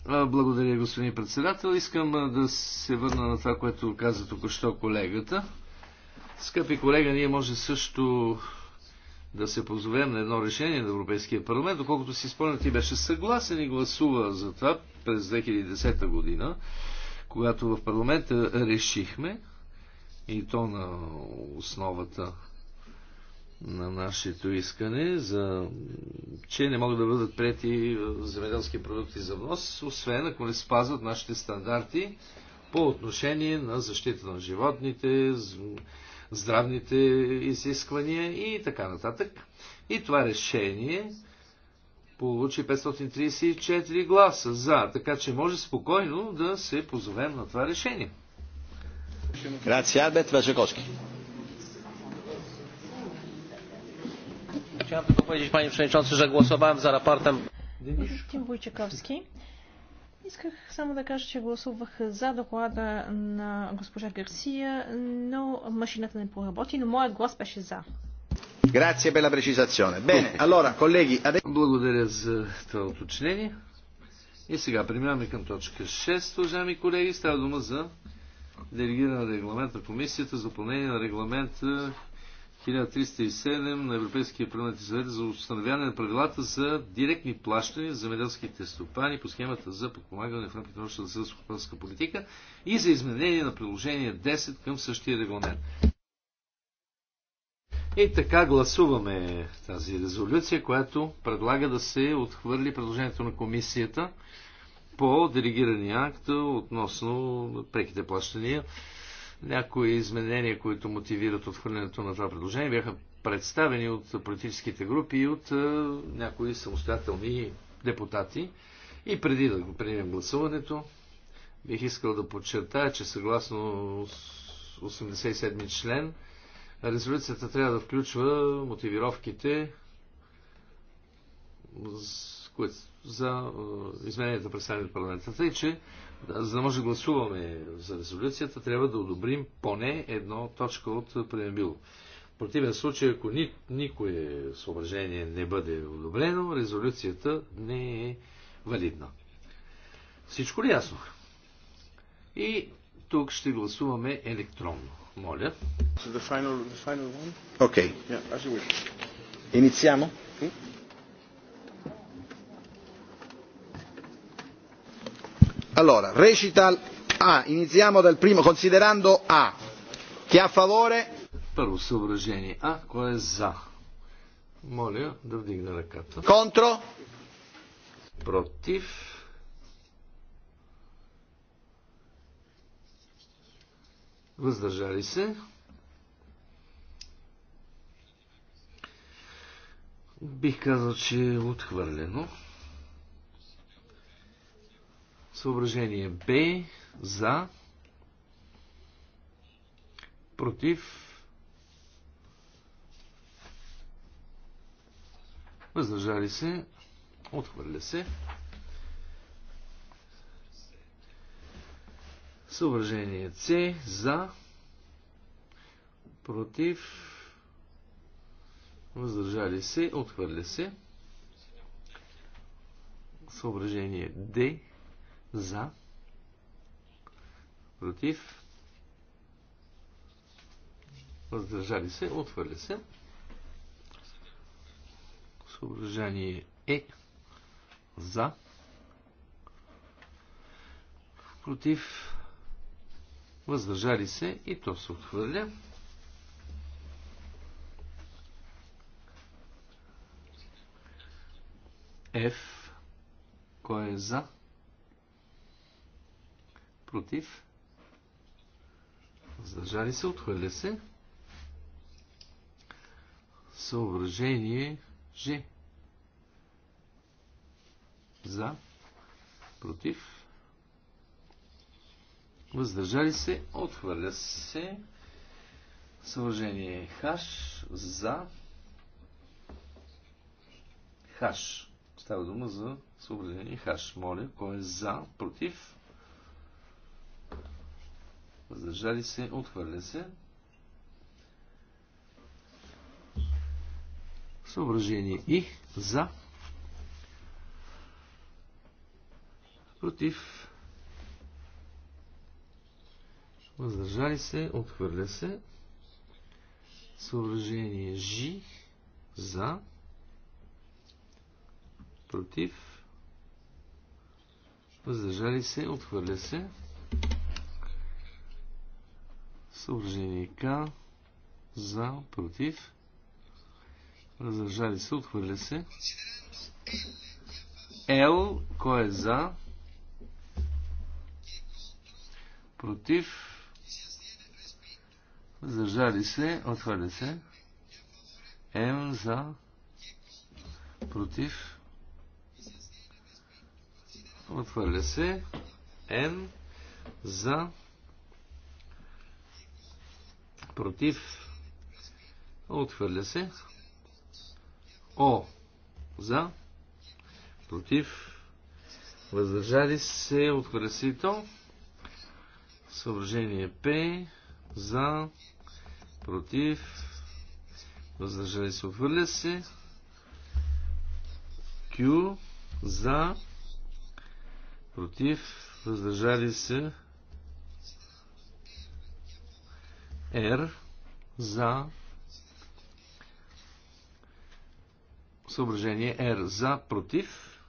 Благодаря, господин председател. Искам да се върна на това, което каза току-що колегата. Скъпи колега, ние може също да се позовем на едно решение на Европейския парламент. Доколкото си спомняте, беше съгласен и гласува за това през 2010 година, когато в парламента решихме, и то на основата на нашето искане, за, че не могат да бъдат прияти е, земеделски продукти за внос, освен ако не спазват нашите стандарти по отношение на защита на животните, здравните изисквания и така нататък. И това решение получи 534 гласа за, така че може спокойно да се позовем на това решение. Грация, Бет Wojciechowski. tylko powiedzieć Panie Przewodniczący, że głosowałem za raportem. Господин Бойчаковски, исках само да кажа, че гласувах за доклада на госпожа Гарсия, но машината не поработи, но моят глас беше за. Grazie per la precisazione. Bene, allora, Благодаря за това уточнение. И сега преминаваме към точка 6, уважаеми колеги. Става дума за на регламент на комисията за допълнение на регламент 1307 е, на Европейския парламент и съвет за установяване на правилата за директни плащания за земеделските стопани по схемата за подпомагане в рамките на общата селско политика и за изменение на приложение 10 към същия регламент. И така гласуваме тази резолюция, която предлага да се отхвърли предложението на комисията по делегирания акт относно преките плащания. Някои изменения, които мотивират отхвърлянето на това предложение, бяха представени от политическите групи и от е, някои самостоятелни депутати. И преди да го приемем гласуването, бих искал да подчертая, че съгласно 87 член, резолюцията трябва да включва мотивировките за е, измененията през на парламента. Тъй, че за да може да гласуваме за резолюцията, трябва да одобрим поне една точка от преембил. В противен случай, ако ни, никое съображение не бъде одобрено, резолюцията не е валидна. Всичко ли е ясно? И тук ще гласуваме електронно. Моля. Окей. Инициамо? Hmm? Allora, recital A, ah, iniziamo dal primo, considerando A. Chi è a favore? Първо съображение А, кой е за? Моля да вдигне ръката. Контро? Против? въздържали се. Бих казал, че е отхвърлено. Съображение Б за против въздържали се, отхвърля се. Съображение С за, против, въздържали се, отхвърля се. Съображение Д за, против, въздържали се, отхвърля се. Съображение Е за, против, въздържали се и то се отхвърля. F, кой е за, против, въздържали се, отхвърля се. Съображение Ж. За, против, въздържали се, отхвърля се. Съоръжение хаш за хаш. Става дума за съоръжение. хаш. Моля, кой е за, против? Въздържали се, отхвърля се. Съображение и за против въздържали се, отхвърля се. Съображение Жи за, против, въздържали се, отхвърля се. Съображение К за, против, въздържали се, отхвърля се. Л, кой е за? Против. Задържали се, отхвърля се. М за, против, отхвърля се. Н за, против, отхвърля се. О за, против, въздържали се, отхвърля се и то. Съображение П за, против, въздържали се, отвърля се. Q за, против, въздържали се. R за съображение R за против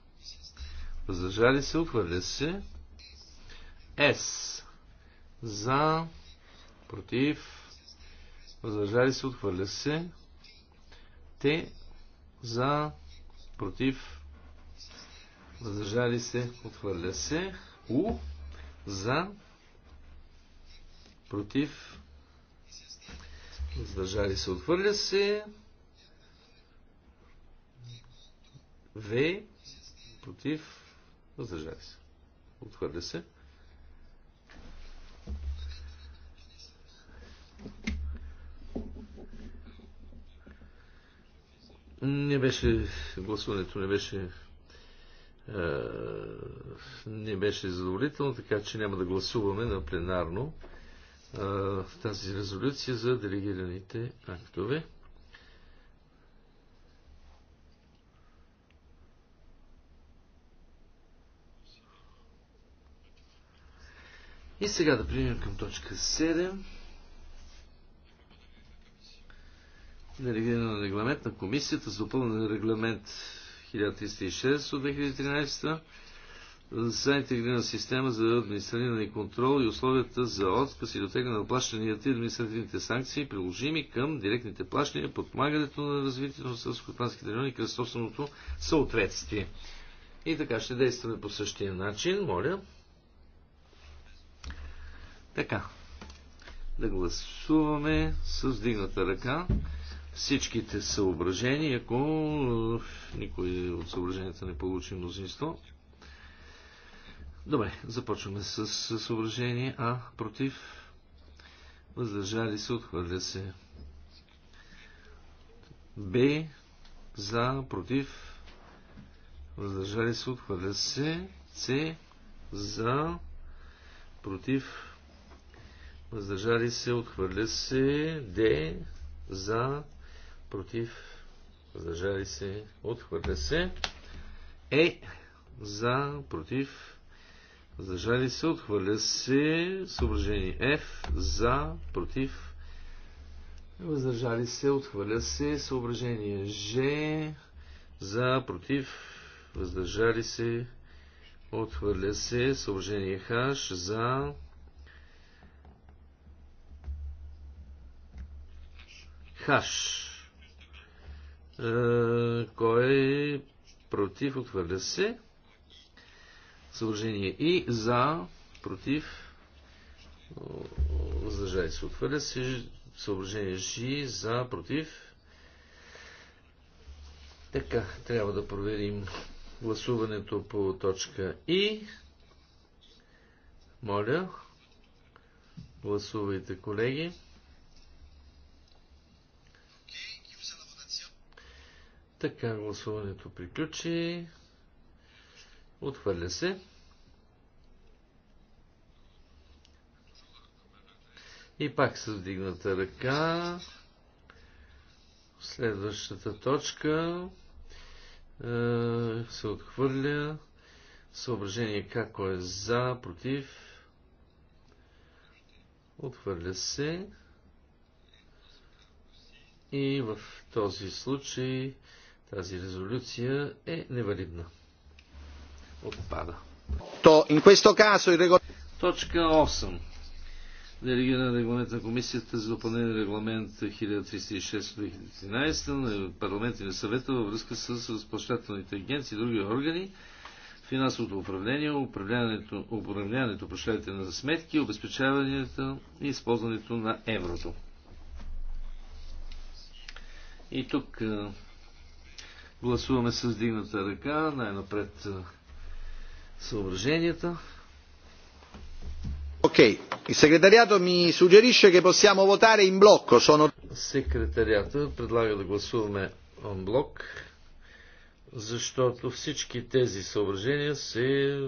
въздържали се, отхвърля се S за против, въздържали се, отхвърля се. Те за, против, въздържали се, отхвърля се. У за, против, въздържали се, отхвърля се. В против, въздържали се. Отхвърля се. Не беше, гласуването не беше е, не беше задоволително, така че няма да гласуваме на пленарно в е, тази резолюция за делегираните актове. И сега да преминем към точка 7. на регламент на комисията за допълнен регламент 1306 от 2013 за интегрирана система за администриране и контрол и условията за отказ и дотегане на плащанията и административните санкции, приложими към директните плащания, подпомагането на развитието на селскостопанските райони към собственото съответствие. И така ще действаме по същия начин, моля. Така. Да гласуваме с вдигната ръка всичките съображения, ако е, никой от съображенията не получи мнозинство. Добре, започваме с съображение А против. Въздържали се, отхвърля се. Б за, против. Въздържали се, отхвърля се. С за, против. Въздържали се, отхвърля се. Д за, против, въздържали се, отхвърля се. Е за, против, въздържали се, отхвърля се. Съображение F за, против, въздържали се, отхвърля се. Съображение Ж за, против, въздържали се, отхвърля се. Съображение Х за, Хаш. Е, кой е против? Отхвърля се. Съложение И за, против, въздържали се. Отхвърля се. Съображение жи, за, против. Така, трябва да проверим гласуването по точка И. Моля, гласувайте, колеги. Така гласуването приключи. Отхвърля се. И пак с вдигната ръка. Следващата точка е, се отхвърля. Съображение како е за, против. Отхвърля се. И в този случай тази резолюция е невалидна. Отпада. То, in questo caso, il Точка 8. на регламент на комисията за допълнение на регламент 1306-2013 на парламент и на съвета във връзка с разплащателните агенции и други органи, финансовото управление, управляването, управляването прощавайте на сметки, обезпечаването и използването на еврото. И тук Гласуваме с дигната ръка. Най-напред съображенията. Окей. Okay. Секретариато ми сугерише, че possiamo votare in blocco. Sono... Секретарията предлага да гласуваме on блок, защото всички тези съображения се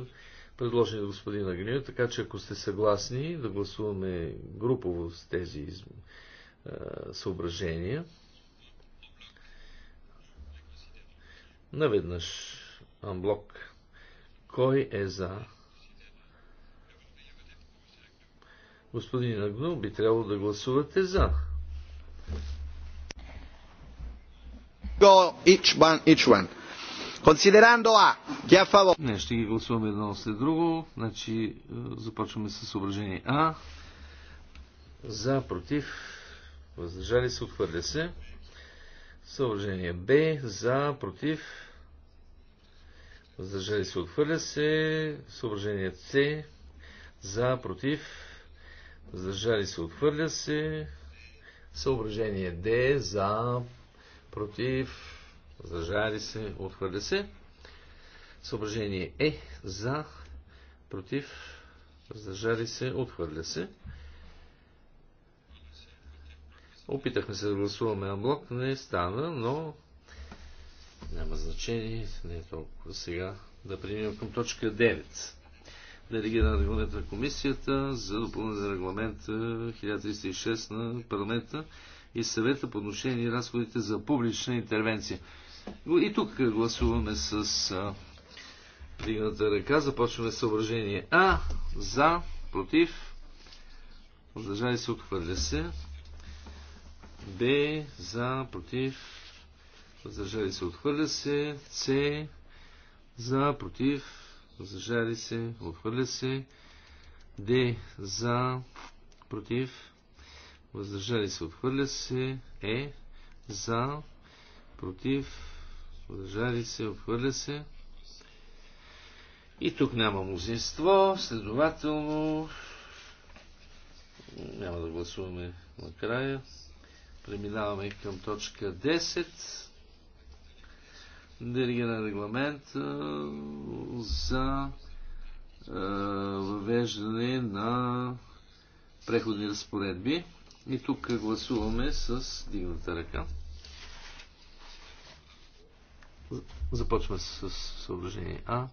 предложени от господин Агнио, така че ако сте съгласни да гласуваме групово с тези съображения, Наведнъж амблок. Кой е за? Господин Агно, би трябвало да гласувате за. Each one, each one. Considerando A, chi a favore? Не, ще ги гласуваме едно след друго. Значи е, започваме с съображение А. За, против, въздържали се, отхвърля се. Съоръжение Б за, против, въздържали се, отхвърля се. Съоръжение С за, против, въздържали се, отхвърля се. Съоръжение Д за, против, въздържали се, отхвърля се. Съображение Е за, против, въздържали се, отхвърля се. Опитахме се да гласуваме анблок, не стана, но няма значение, не е толкова сега. Да преминем към точка 9. Делегирана регламент на комисията за допълнение за регламента 1306 на парламента и съвета по отношение на разходите за публична интервенция. И тук гласуваме с дигната ръка. Започваме съображение А. За, против, въздържали се, отхвърля се. Б за, против, въздържали се, отхвърля се. С за, против, въздържали се, отхвърля се. Д за, против, въздържали се, отхвърля се. Е за, против, въздържали се, отхвърля се. И тук няма мнозинство, следователно няма да гласуваме накрая. Преминаваме към точка 10. Делегиран регламент за въвеждане на преходни разпоредби. И тук гласуваме с дигната ръка. Започваме с съображение А.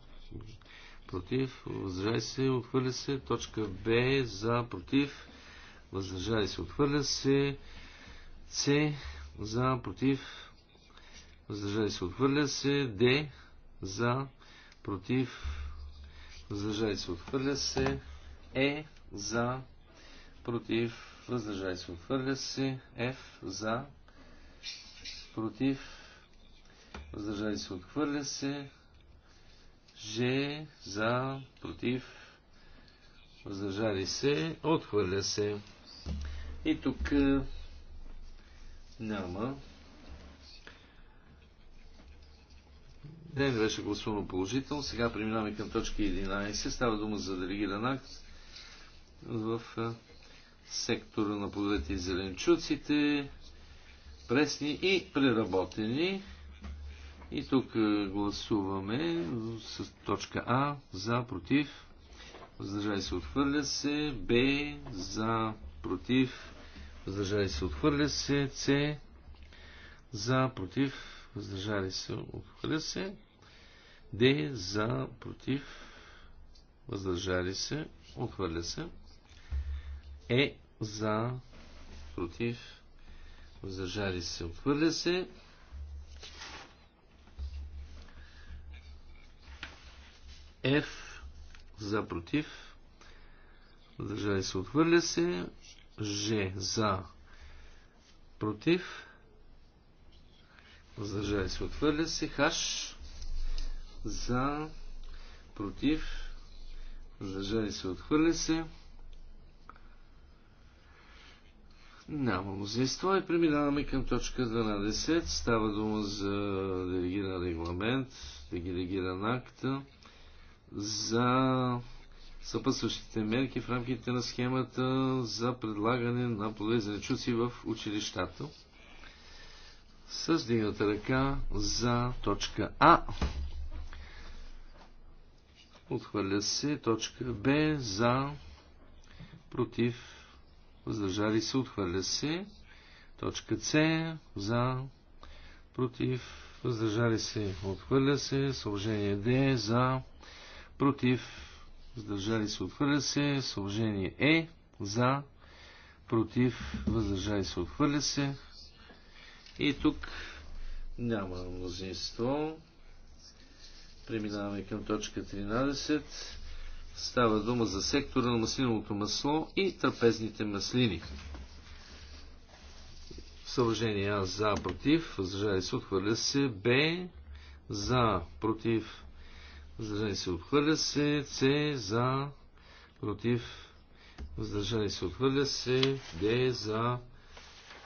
Против, въздържали се, отхвърля се. Точка Б за против, въздържали се, отхвърля се. С за против, въздържали се, отхвърля се. Д за против, въздържали се, отхвърля се. Е за против, въздържали се, отхвърля се. Ф за против, въздържали се, отхвърля се. Ж за против, въздържали се, отхвърля се. И тук няма. Не беше гласувано положително. Сега преминаваме към точка 11. Става дума за делегиран акт в е, сектора на плодовете и зеленчуците, пресни и преработени. И тук е, гласуваме с точка А за, против, Въздържай се, отхвърля се, Б за, против, въздържали се, отхвърля се, С, за, против, въздържали се, отхвърля се, Д, за, против, въздържали се, отхвърля се, Е, за, против, въздържали се, отхвърля се, Ф, за против. Въздържали се, отхвърля се. Ж за против. Въздържали се, отвърля се. Хаш за против. Въздържали се, отхвърля се. Няма мнозинство и преминаваме към точка 12. Става дума за делегиран регламент, делегиран акт за съпътстващите мерки в рамките на схемата за предлагане на полезни зеленчуци в училищата. С дигната ръка за точка А. Отхвърля се точка Б за против въздържали се, отхвърля се. Точка С за против въздържали се, отхвърля се. Съображение Д за против въздържали се, отхвърля се. Съложение Е, за, против, въздържали се, отхвърля се. И тук няма мнозинство. Преминаваме към точка 13. Става дума за сектора на маслиновото масло и трапезните маслини. Съложение А за, против, въздържали се, отхвърля се. Б за, против, Въздържани се, отхвърля се, С за, против, Въздържани се, отхвърля се, Д за,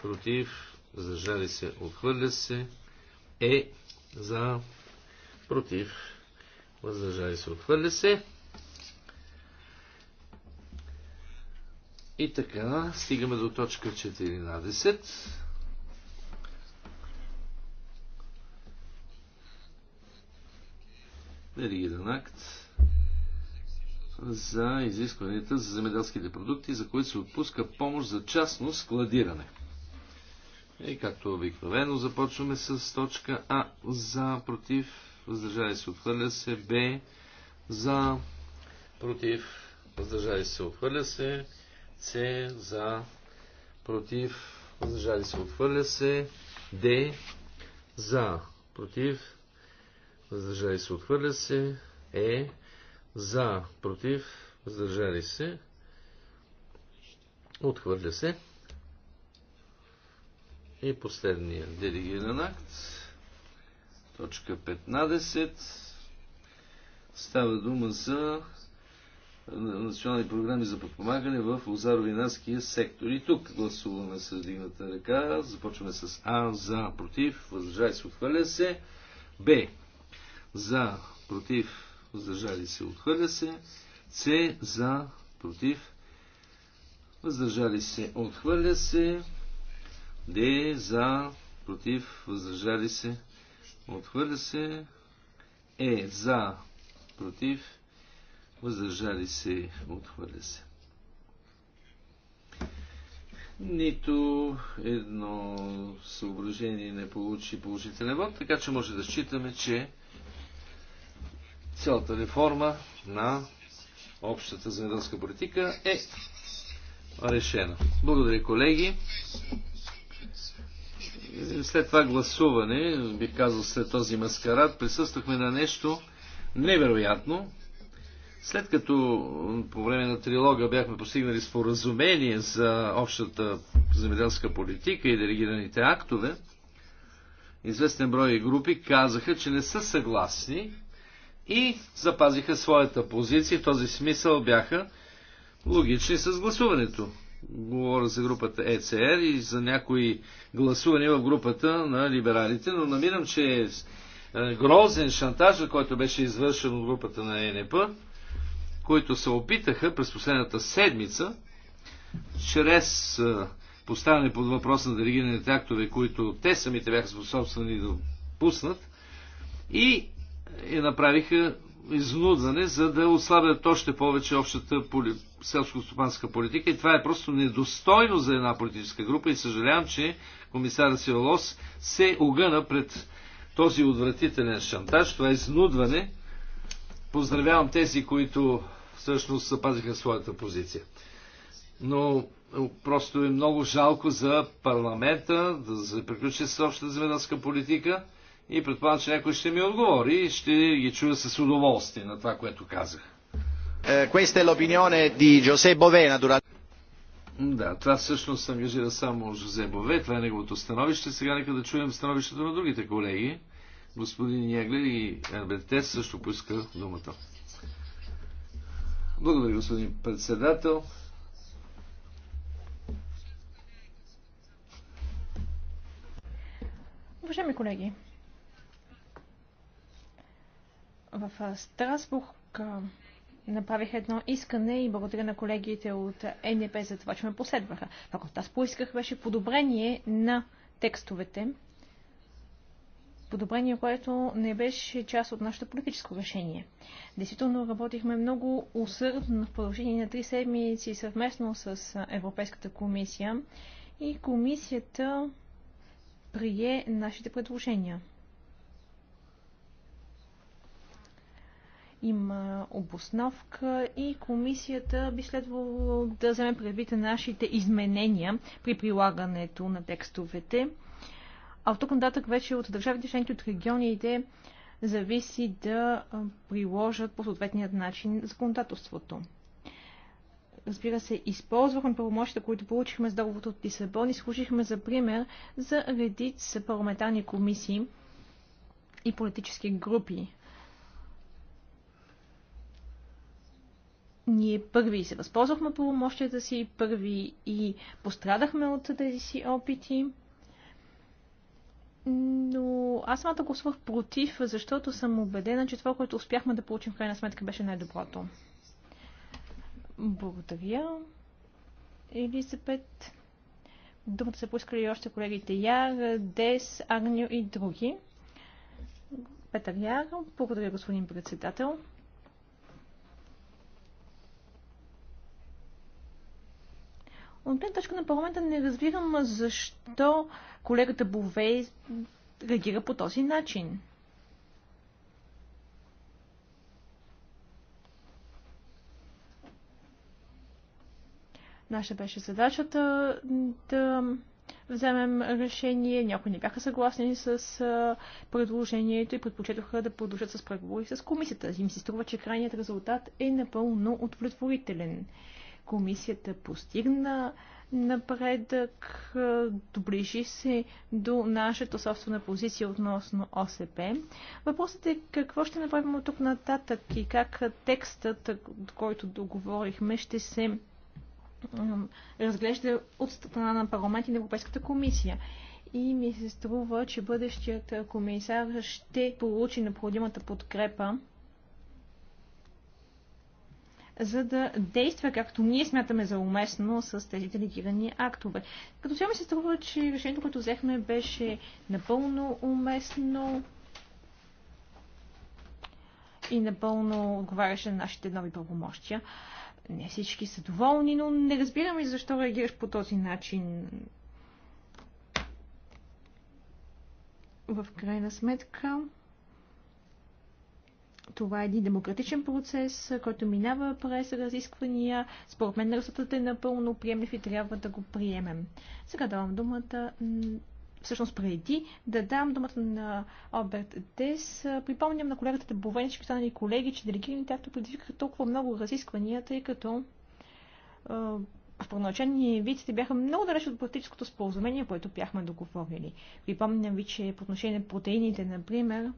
против, Въздържани се, отхвърля се, Е за, против, Въздържани се, отхвърля се. И така, стигаме до точка 14. Веригиден акт за изискванията за земеделските продукти, за които се отпуска помощ за частно складиране. И както обикновено започваме с точка А за против, въздържали се отхвърля се, Б за против, въздържали се отхвърля се, С за против, въздържали се отхвърля се, Д за против, въздържали се, отхвърля се, е, за, против, въздържали се, отхвърля се. И последния делегиран акт, точка 15, става дума за национални програми за подпомагане в лозаровинарския сектор. И тук гласуваме с дигната ръка. Започваме с А за, против, въздържай се, отхвърля се. Б за, против, въздържали се, отхвърля се. С за, против, въздържали се, отхвърля се. Д за, против, въздържали се, отхвърля се. Е за, против, въздържали се, отхвърля се. Нито едно съображение не получи положителен вод, така че може да считаме, че цялата реформа на общата земеделска политика е решена. Благодаря, колеги. След това гласуване, бих казал след този маскарад, присъствахме на нещо невероятно. След като по време на трилога бяхме постигнали споразумение за общата земеделска политика и делегираните актове, известен брой групи казаха, че не са съгласни и запазиха своята позиция. В този смисъл бяха логични с гласуването. Говоря за групата ЕЦР и за някои гласувания в групата на либералите, но намирам, че е е, грозен шантаж, който беше извършен от групата на ЕНП, които се опитаха през последната седмица, чрез е, поставяне под въпрос на делегираните актове, които те самите бяха способствени да пуснат, и и направиха изнудване, за да ослабят още повече общата поли... селско-стопанска политика. И това е просто недостойно за една политическа група. И съжалявам, че комисар Сиолос се огъна пред този отвратителен шантаж, това е изнудване. Поздравявам тези, които всъщност запазиха своята позиция. Но е, просто е много жалко за парламента да се приключи с общата земеделска политика и предполагам, че някой ще ми отговори и ще ги чуя с удоволствие на това, което казах. Е, questa е l'opinione di José Bové durante... Да, това всъщност съм юзира само Жозе Бове, това е неговото становище. Сега нека да чуем становището на другите колеги. Господин Ягли и РБТ също поиска думата. Благодаря, господин председател. Уважаеми колеги, в Страсбург направих едно искане и благодаря на колегите от е НП за това, че ме последваха. Това, което аз поисках, беше подобрение на текстовете. Подобрение, което не беше част от нашето политическо решение. Действително работихме много усърдно в продължение на три седмици съвместно с Европейската комисия и комисията прие нашите предложения. има обосновка и комисията би следвало да вземе предвид на нашите изменения при прилагането на текстовете. А от тук нататък вече от държавите членки, от регионите зависи да приложат по съответният начин законодателството. Разбира се, използвахме правомощите, които получихме с договорът от Лисабон и служихме за пример за редица парламентарни комисии и политически групи ние първи се възползвахме по правомощията си, първи и пострадахме от тези си опити. Но аз самата гласувах против, защото съм убедена, че това, което успяхме да получим в крайна сметка, беше най-доброто. Благодаря, Елизабет. Думата са поискали още колегите Яр, Дес, Агнио и други. Петър Яр, благодаря господин председател. От гледна точка на парламента не разбирам защо колегата Бовей реагира по този начин. Наша беше задачата да вземем решение. Някои не бяха съгласни с предложението и предпочетоха да продължат с преговори с комисията. И ми се струва, че крайният резултат е напълно удовлетворителен комисията постигна напредък, доближи се до нашата собствена позиция относно ОСП. Въпросът е какво ще направим от тук нататък и как текстът, който договорихме, ще се разглежда от страна на парламент и на Европейската комисия. И ми се струва, че бъдещият комисар ще получи необходимата подкрепа за да действа както ние смятаме за уместно с тези делегирани актове. Като цяло ми се струва, че решението, което взехме, беше напълно уместно и напълно отговаряше на нашите нови правомощия. Не всички са доволни, но не разбираме защо реагираш по този начин. В крайна сметка. Това е един демократичен процес, който минава през разисквания. Според мен резултатът е напълно приемлив и трябва да го приемем. Сега давам думата всъщност преди да дам думата на Оберт Дес, припомням на колегата Табовен, че станали колеги, че делегираните акта предизвикаха толкова много разисквания, тъй като е, в първоначални виците бяха много далеч от практическото споразумение, което бяхме договорили. Припомням ви, че по отношение на протеините, например,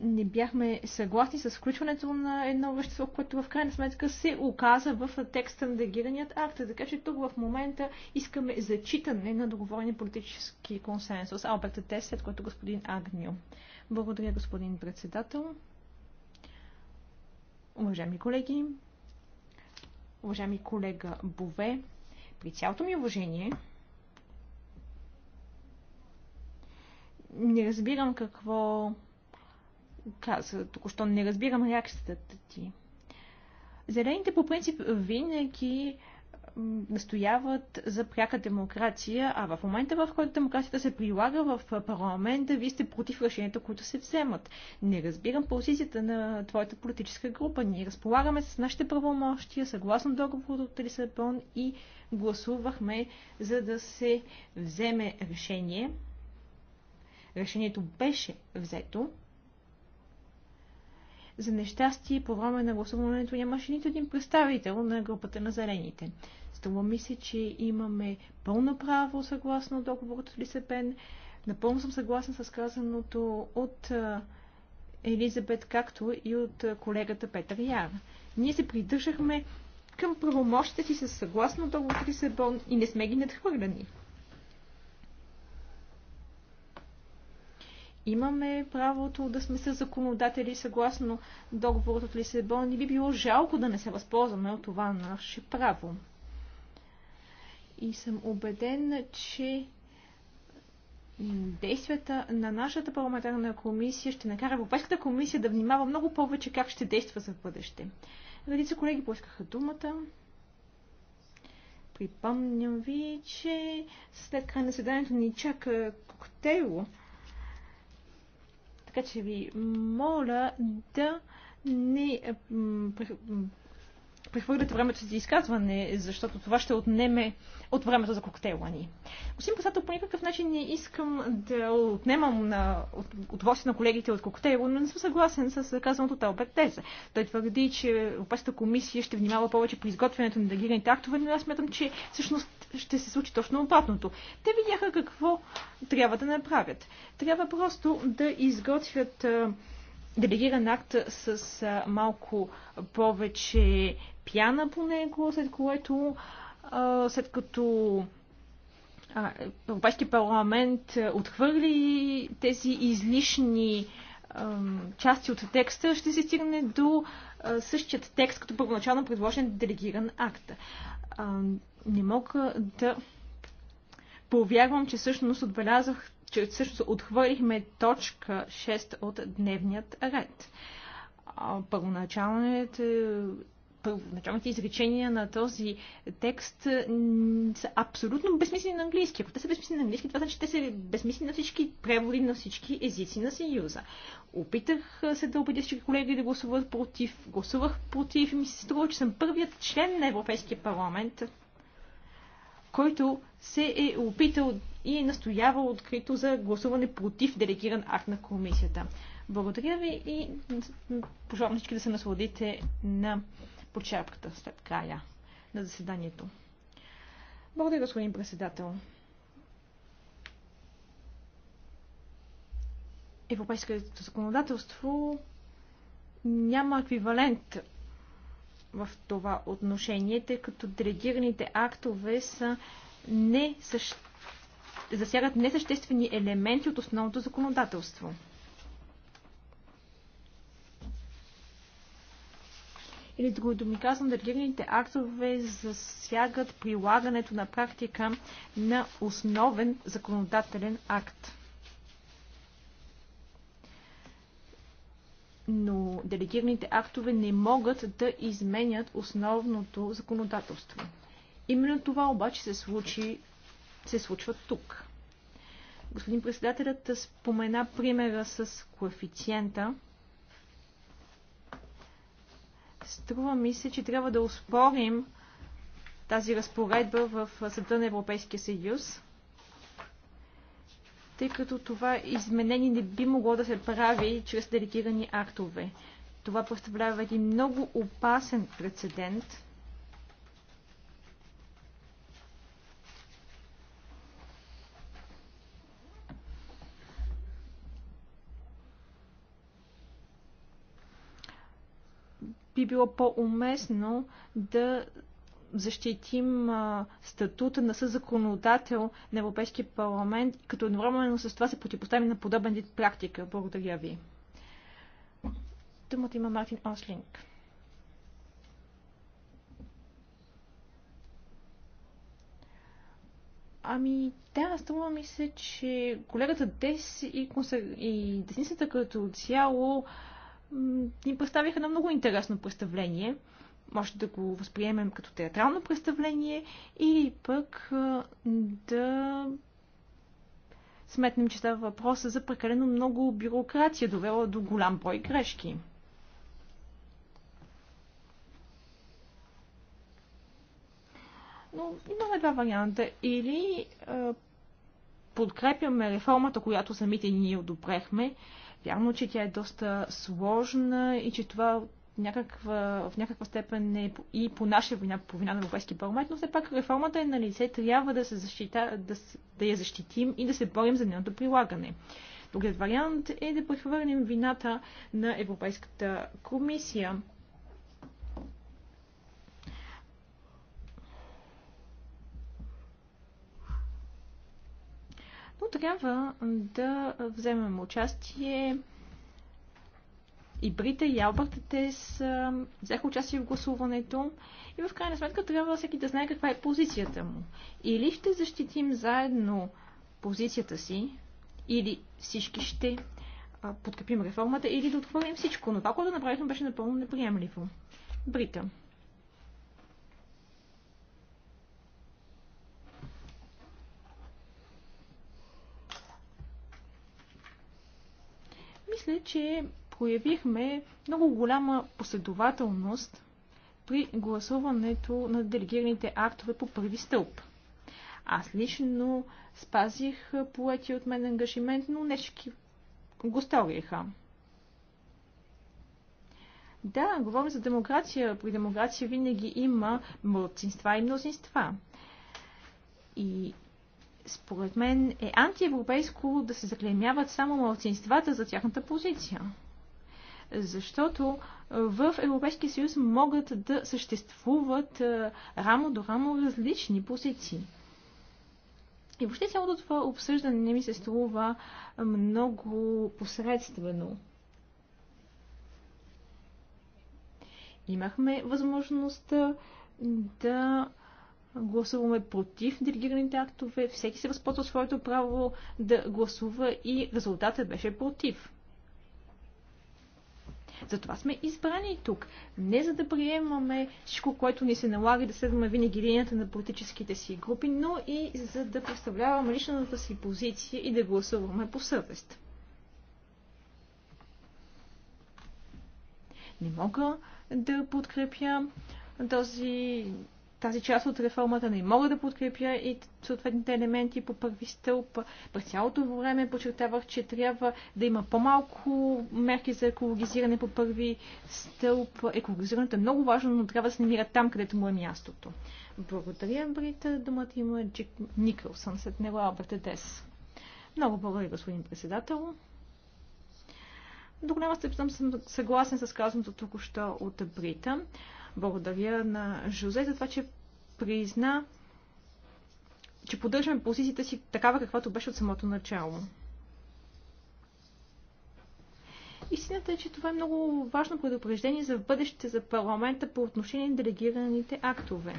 не бяхме съгласни с включването на едно вещество, което в крайна сметка се оказа в текста на дегираният акт. Така че тук в момента искаме зачитане на договорен политически консенсус. Алберта Тес, след което господин Агню. Благодаря, господин председател. Уважаеми колеги, уважаеми колега Бове, при цялото ми уважение, не разбирам какво каза току-що. Не разбирам реакцията ти. Зелените по принцип винаги настояват за пряка демокрация, а в момента, в който демокрацията се прилага в парламента, вие сте против решенията, които се вземат. Не разбирам позицията на твоята политическа група. Ние разполагаме с нашите правомощия, съгласно договор от Лисабон и гласувахме, за да се вземе решение. Решението беше взето. За нещастие, по време на гласуването нямаше нито един представител на групата на зелените. Струва ми се, че имаме пълно право, съгласно договорът от Лисепен. Напълно съм съгласна с казаното от Елизабет, както и от колегата Петър Яр. Ние се придържахме към правомощите си със съгласно договорът с Лисабон и не сме ги надхвърляни. имаме правото да сме със законодатели съгласно договорът от Лисебон, и би било жалко да не се възползваме от това наше право. И съм убеден, че действията на нашата парламентарна комисия ще накара Европейската комисия да внимава много повече как ще действа за бъдеще. Редица колеги поискаха думата. Припомням ви, че след край на седанието ни чака коктейло. Така че ви моля да не прехвърляте времето си за изказване, защото това ще отнеме от времето за коктейла ни. Господин Пасател, по никакъв начин не искам да отнемам на, от, удоволствие на колегите от коктейла, но не съм съгласен с казаното от Албет Теза. Той твърди, че Европейската комисия ще внимава повече при изготвянето на делегираните актове, но аз смятам, че всъщност ще се случи точно обратното. Те видяха какво трябва да направят. Трябва просто да изготвят делегиран акт с малко повече пяна по него, след което след като Европейския парламент отхвърли тези излишни части от текста, ще се стигне до същият текст, като първоначално предложен делегиран акт. Не мога да повярвам, че всъщност отбелязах, че всъщност отхвърлихме точка 6 от дневният ред. Първоначалният е, Началните изречения на този текст са абсолютно безсмислени на английски. Ако те са безсмислени на английски, това значи, че те са безсмислени на всички преводи на всички езици на Съюза. Опитах се да убедя всички колеги да гласуват против. Гласувах против и ми се струва, че съм първият член на Европейския парламент, който се е опитал и е настоявал открито за гласуване против делегиран акт на комисията. Благодаря ви и пожелавам всички да се насладите на почерпката след края на заседанието. Благодаря, господин председател. Европейското законодателство няма еквивалент в това отношение, тъй като делегираните актове са не същ... засягат несъществени елементи от основното законодателство. Или друго думи казвам, делегираните актове засягат прилагането на практика на основен законодателен акт. но делегираните актове не могат да изменят основното законодателство. Именно това обаче се, случи, се случва тук. Господин председателят спомена примера с коефициента. Струва ми се, че трябва да успорим тази разпоредба в Съда на Европейския съюз, тъй като това изменение не би могло да се прави чрез делегирани актове. Това представлява един много опасен прецедент – би било по-уместно да защитим статута на съзаконодател на Европейския парламент, като едновременно с това се противопоставим на подобен вид практика. Благодаря ви. Думата има Мартин Ослинг. Ами да, струва ми се, че колегата Дес и, консер... и десницата като цяло ни представиха едно много интересно представление. Може да го възприемем като театрално представление или пък да сметнем, че става въпроса за прекалено много бюрокрация, довела до голям брой грешки. Но имаме два варианта. Или е, подкрепяме реформата, която самите ние одобрехме, Явно, че тя е доста сложна и че това някаква, в някаква степен е и по наша вина, по вина на Европейския парламент, но все пак реформата е на лице, трябва да, се защита, да, да я защитим и да се борим за нейното прилагане. Другият вариант е да прехвърлим вината на Европейската комисия но трябва да вземем участие. И Брита и Албърт те са, взеха участие в гласуването и в крайна сметка трябва всеки да знае каква е позицията му. Или ще защитим заедно позицията си, или всички ще а, подкрепим реформата, или да отхвърлим всичко. Но това, което направихме, беше напълно неприемливо. Брита. Мисля, че проявихме много голяма последователност при гласуването на делегираните актове по първи стълб. Аз лично спазих поети от мен ангажимент, но не всички го сториха. Да, говорим за демокрация. При демокрация винаги има младсинства и мнозинства. И според мен е антиевропейско да се заклеймяват само младсинствата за тяхната позиция. Защото е, в Европейския съюз могат да съществуват е, рамо до рамо различни позиции. И въобще цялото това обсъждане не ми се струва много посредствено. Имахме възможността да гласуваме против делегираните актове, всеки се възползва своето право да гласува и резултатът беше против. Затова сме избрани тук. Не за да приемаме всичко, което ни се налага да следваме винаги линията на политическите си групи, но и за да представляваме личната си позиция и да гласуваме по съвест. Не мога да подкрепя този тази част от реформата не мога да подкрепя и съответните елементи по първи стълб. През цялото време подчертавах, че трябва да има по-малко мерки за екологизиране по първи стълб. Екологизирането е много важно, но трябва да се намира там, където му е мястото. Благодаря, Брита. Думата има Джик Никълсън, след него Алберт Дес. Много благодаря, господин председател. До голяма степен съм съгласен с казаното току-що от Брита. Благодаря на Жозе за това, че призна, че поддържаме позицията си такава, каквато беше от самото начало. Истината е, че това е много важно предупреждение за бъдеще за парламента по отношение на делегираните актове.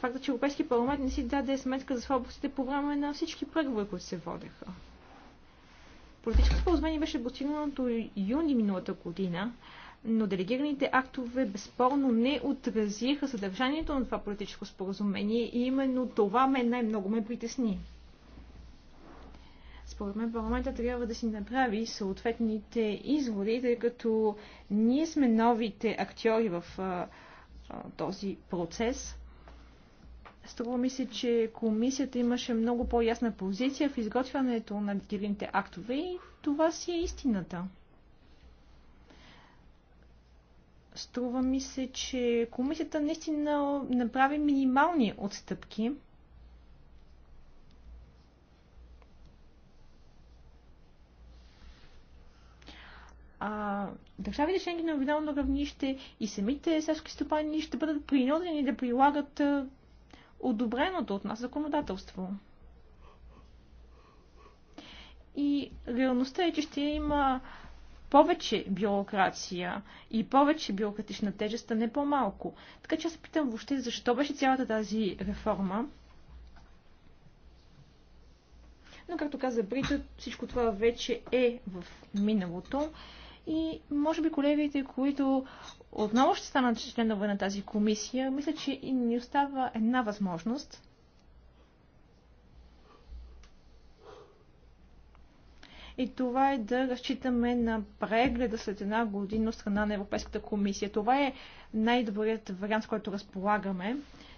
Факта, че Европейски парламент не си даде сметка за слабостите по време на всички преговори, които се водеха. Политическо споразумение беше постигнато юни миналата година, но делегираните актове безспорно не отразиха съдържанието на това политическо споразумение и именно това мен най-много ме притесни. Според мен парламента трябва да си направи съответните изводи, тъй като ние сме новите актьори в а, а, този процес. Струва ми се, че комисията имаше много по-ясна позиция в изготвянето на дирините актове и това си е истината. Струва ми се, че комисията наистина направи минимални отстъпки. а, държавите членки на регионално равнище и самите селски стопани ще бъдат принудени да прилагат одобреното от нас законодателство. И реалността е, че ще има повече бюрокрация и повече бюрократична тежест, а не по-малко. Така че аз се питам въобще защо беше цялата тази реформа. Но, както каза Брита, всичко това вече е в миналото. И може би колегите, които отново ще станат членове на тази комисия, мисля, че и ни остава една възможност. и това е да разчитаме на прегледа след една година страна на Европейската комисия. Това е най-добрият вариант, с който разполагаме,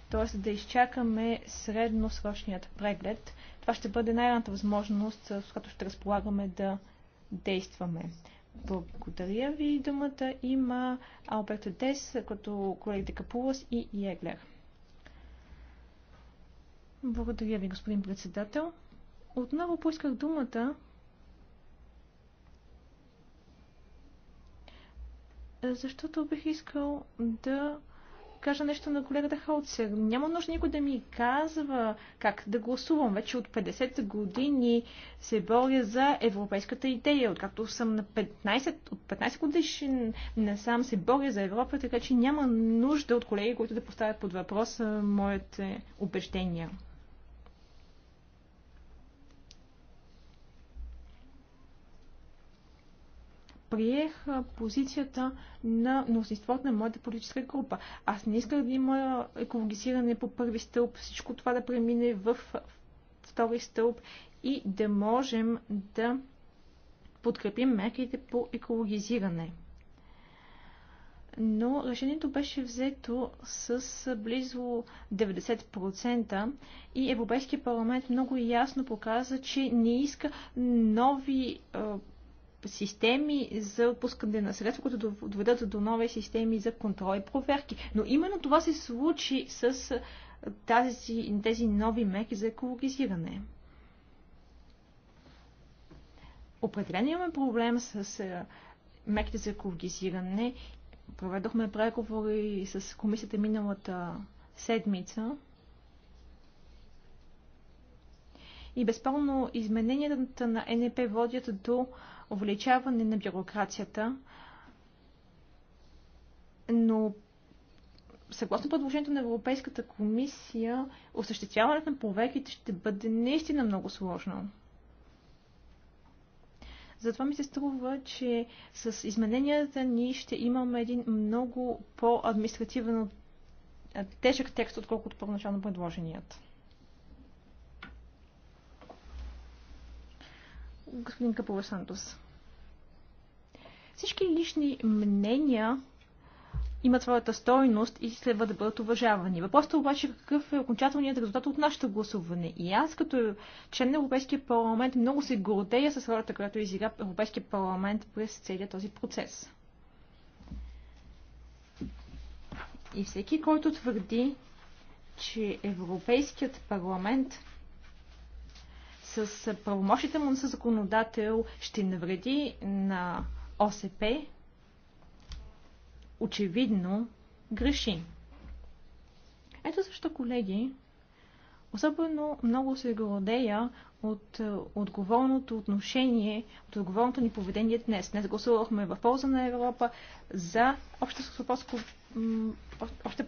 т.е. да изчакаме средносрочният преглед. Това ще бъде най-раната възможност, с която ще разполагаме да действаме. Благодаря ви. Думата има Алберт Дес, като колегите Капулас и Еглер. Благодаря ви, господин председател. Отново поисках думата, защото бих искал да кажа нещо на колегата Хаутсер. Няма нужда никой да ми казва как да гласувам. Вече от 50 години се боря за европейската идея. Откакто съм на 15, от 15 годишен сам се боря за Европа, така че няма нужда от колеги, които да поставят под въпрос моите убеждения. приех позицията на мнозинството на моята политическа група. Аз не исках да има екологизиране по първи стълб, всичко това да премине в втори стълб и да можем да подкрепим мерките по екологизиране. Но решението беше взето с близо 90% и Европейския парламент много ясно показа, че не иска нови системи за отпускане на средства, които доведат до нови системи за контрол и проверки. Но именно това се случи с тази, тези нови меки за екологизиране. Определено имаме проблем с меките за екологизиране. Проведохме преговори с комисията миналата седмица. И безспорно измененията на НП водят до увеличаване на бюрокрацията, но съгласно предложението на Европейската комисия, осъществяването на проверките ще бъде наистина много сложно. Затова ми се струва, че с измененията ни ще имаме един много по-административен тежък текст, отколкото първоначално предложеният. господин Капова Сантос. Всички лични мнения имат своята стойност и следва да бъдат уважавани. Въпросът е обаче какъв е окончателният резултат от нашето гласуване. И аз като член на Европейския парламент много се гордея с хората, която изигра Европейския парламент през целият този процес. И всеки, който твърди, че Европейският парламент с правомощите му на законодател ще навреди на ОСП, очевидно греши. Ето защо, колеги, особено много се гордея от е, отговорното отношение, от отговорното ни поведение днес. Днес гласувахме в полза на Европа за обща,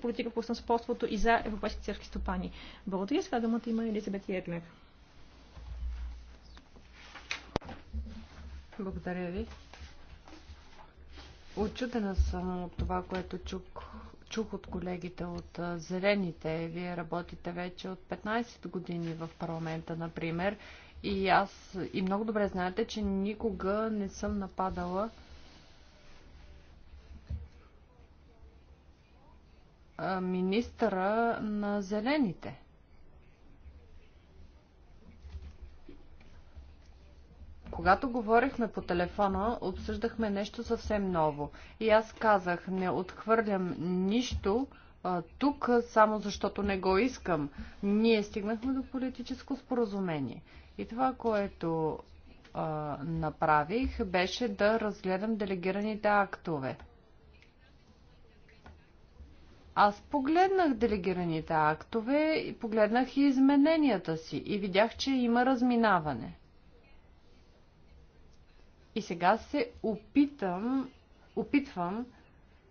политика по стопорството и за европейски църкви стопани. Благодаря. Сега думата има Елизабет Ерлер. Благодаря ви. Очудена съм от това, което чух, чух от колегите от Зелените. Вие работите вече от 15 години в парламента, например. И аз и много добре знаете, че никога не съм нападала министъра на Зелените. Когато говорихме по телефона, обсъждахме нещо съвсем ново. И аз казах, не отхвърлям нищо а, тук, само защото не го искам. Ние стигнахме до политическо споразумение. И това, което а, направих, беше да разгледам делегираните актове. Аз погледнах делегираните актове и погледнах и измененията си и видях, че има разминаване. И сега се опитам, опитвам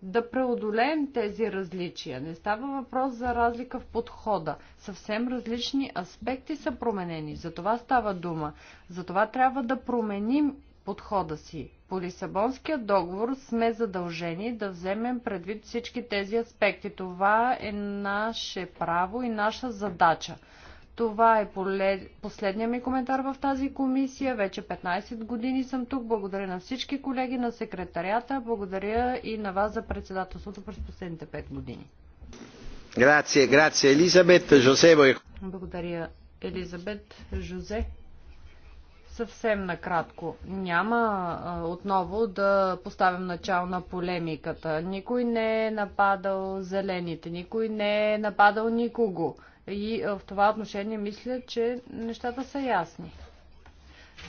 да преодолеем тези различия. Не става въпрос за разлика в подхода. Съвсем различни аспекти са променени. За това става дума. За това трябва да променим подхода си. По Лисабонския договор сме задължени да вземем предвид всички тези аспекти. Това е наше право и наша задача. Това е последния ми коментар в тази комисия. Вече 15 години съм тук. Благодаря на всички колеги, на секретарията. Благодаря и на вас за председателството през последните 5 години. Грация, грация, Елизабет, Жозево. Благодаря, Елизабет, Жозе. Съвсем накратко. Няма а, отново да поставям начало на полемиката. Никой не е нападал зелените, никой не е нападал никого. И е, в това отношение мисля, че нещата са ясни.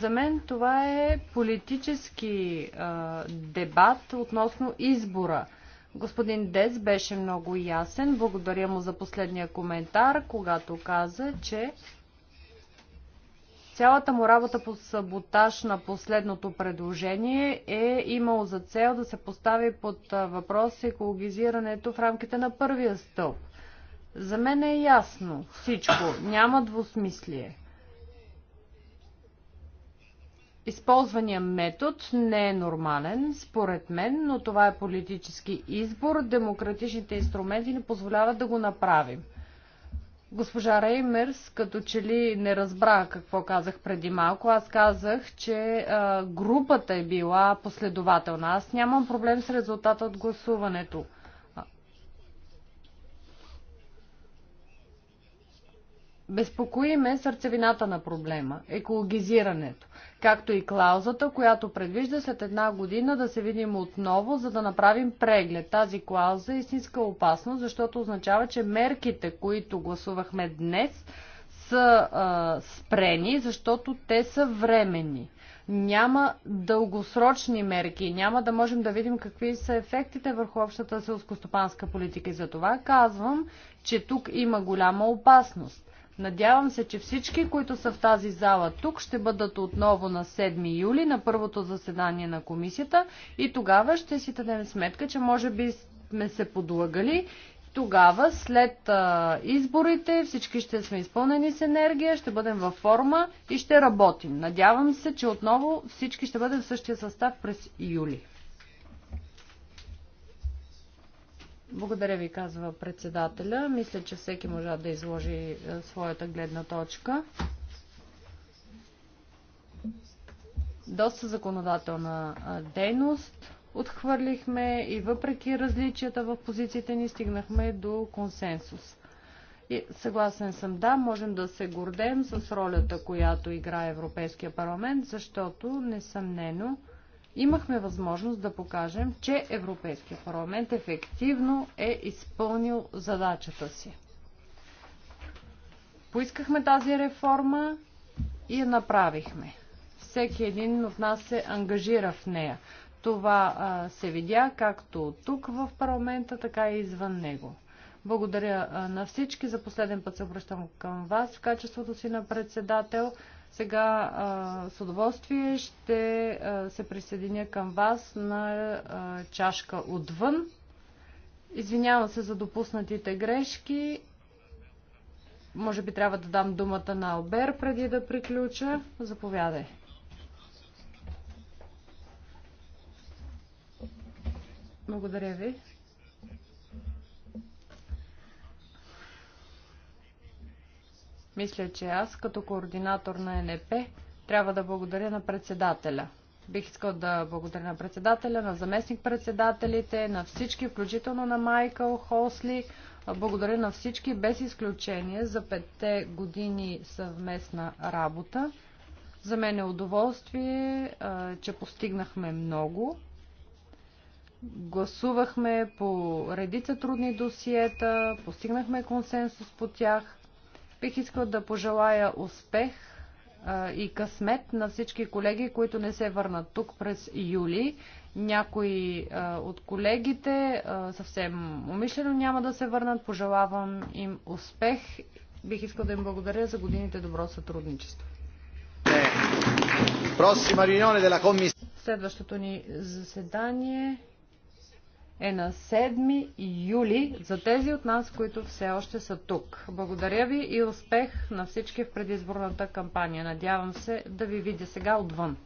За мен това е политически а, е, дебат относно избора. Господин Дец беше много ясен. Благодаря му за последния коментар, когато каза, че Цялата му работа по саботаж на последното предложение е имало за цел да се постави под е, въпрос екологизирането в рамките на първия стълб. За мен е ясно всичко. Няма двусмислие. Използвания метод не е нормален, според мен, но това е политически избор. Демократичните инструменти ни позволяват да го направим. Госпожа Реймерс като че ли не разбра какво казах преди малко. Аз казах, че а, групата е била последователна. Аз нямам проблем с резултата от гласуването. Безпокоиме сърцевината на проблема – екологизирането, както и клаузата, която предвижда след една година да се видим отново, за да направим преглед. Тази клауза е истинска опасност, защото означава, че мерките, които гласувахме днес, са а, спрени, защото те са временни. Няма дългосрочни мерки, няма да можем да видим какви са ефектите върху общата селскостопанска политика. И за това казвам, че тук има голяма опасност. Надявам се, че всички, които са в тази зала тук, ще бъдат отново на 7 юли на първото заседание на комисията и тогава ще си дадем сметка, че може би сме се подлагали. тогава, след а, изборите, всички ще сме изпълнени с енергия, ще бъдем във форма и ще работим. Надявам се, че отново всички ще бъдем в същия състав през юли. Благодаря ви, казва председателя. Мисля, че всеки можа да изложи е, своята гледна точка. Доста законодателна е, дейност отхвърлихме и въпреки различията в позициите ни стигнахме до консенсус. И съгласен съм, да, можем да се гордем с ролята, която играе Европейския парламент, защото несъмнено имахме възможност да покажем, че Европейския парламент ефективно е изпълнил задачата си. Поискахме тази реформа и я направихме. Всеки един от нас се ангажира в нея. Това а, се видя както тук в парламента, така и извън него. Благодаря а, на всички. За последен път се обръщам към вас в качеството си на председател. Сега а, с удоволствие ще а, се присъединя към вас на а, чашка отвън. Извинявам се за допуснатите грешки. Може би трябва да дам думата на Албер преди да приключа. Заповядай. Благодаря ви. Мисля, че аз като координатор на НП трябва да благодаря на председателя. Бих искал да благодаря на председателя, на заместник-председателите, на всички, включително на Майкъл Холсли. Благодаря на всички, без изключение, за петте години съвместна работа. За мен е удоволствие, че постигнахме много. Гласувахме по редица трудни досиета, постигнахме консенсус по тях – Бих искал да пожелая успех и късмет на всички колеги, които не се върнат тук през юли. Някои от колегите съвсем умишлено няма да се върнат. Пожелавам им успех. Бих искал да им благодаря за годините добро сътрудничество. Следващото ни заседание е на 7 юли за тези от нас, които все още са тук. Благодаря ви и успех на всички в предизборната кампания. Надявам се да ви видя сега отвън.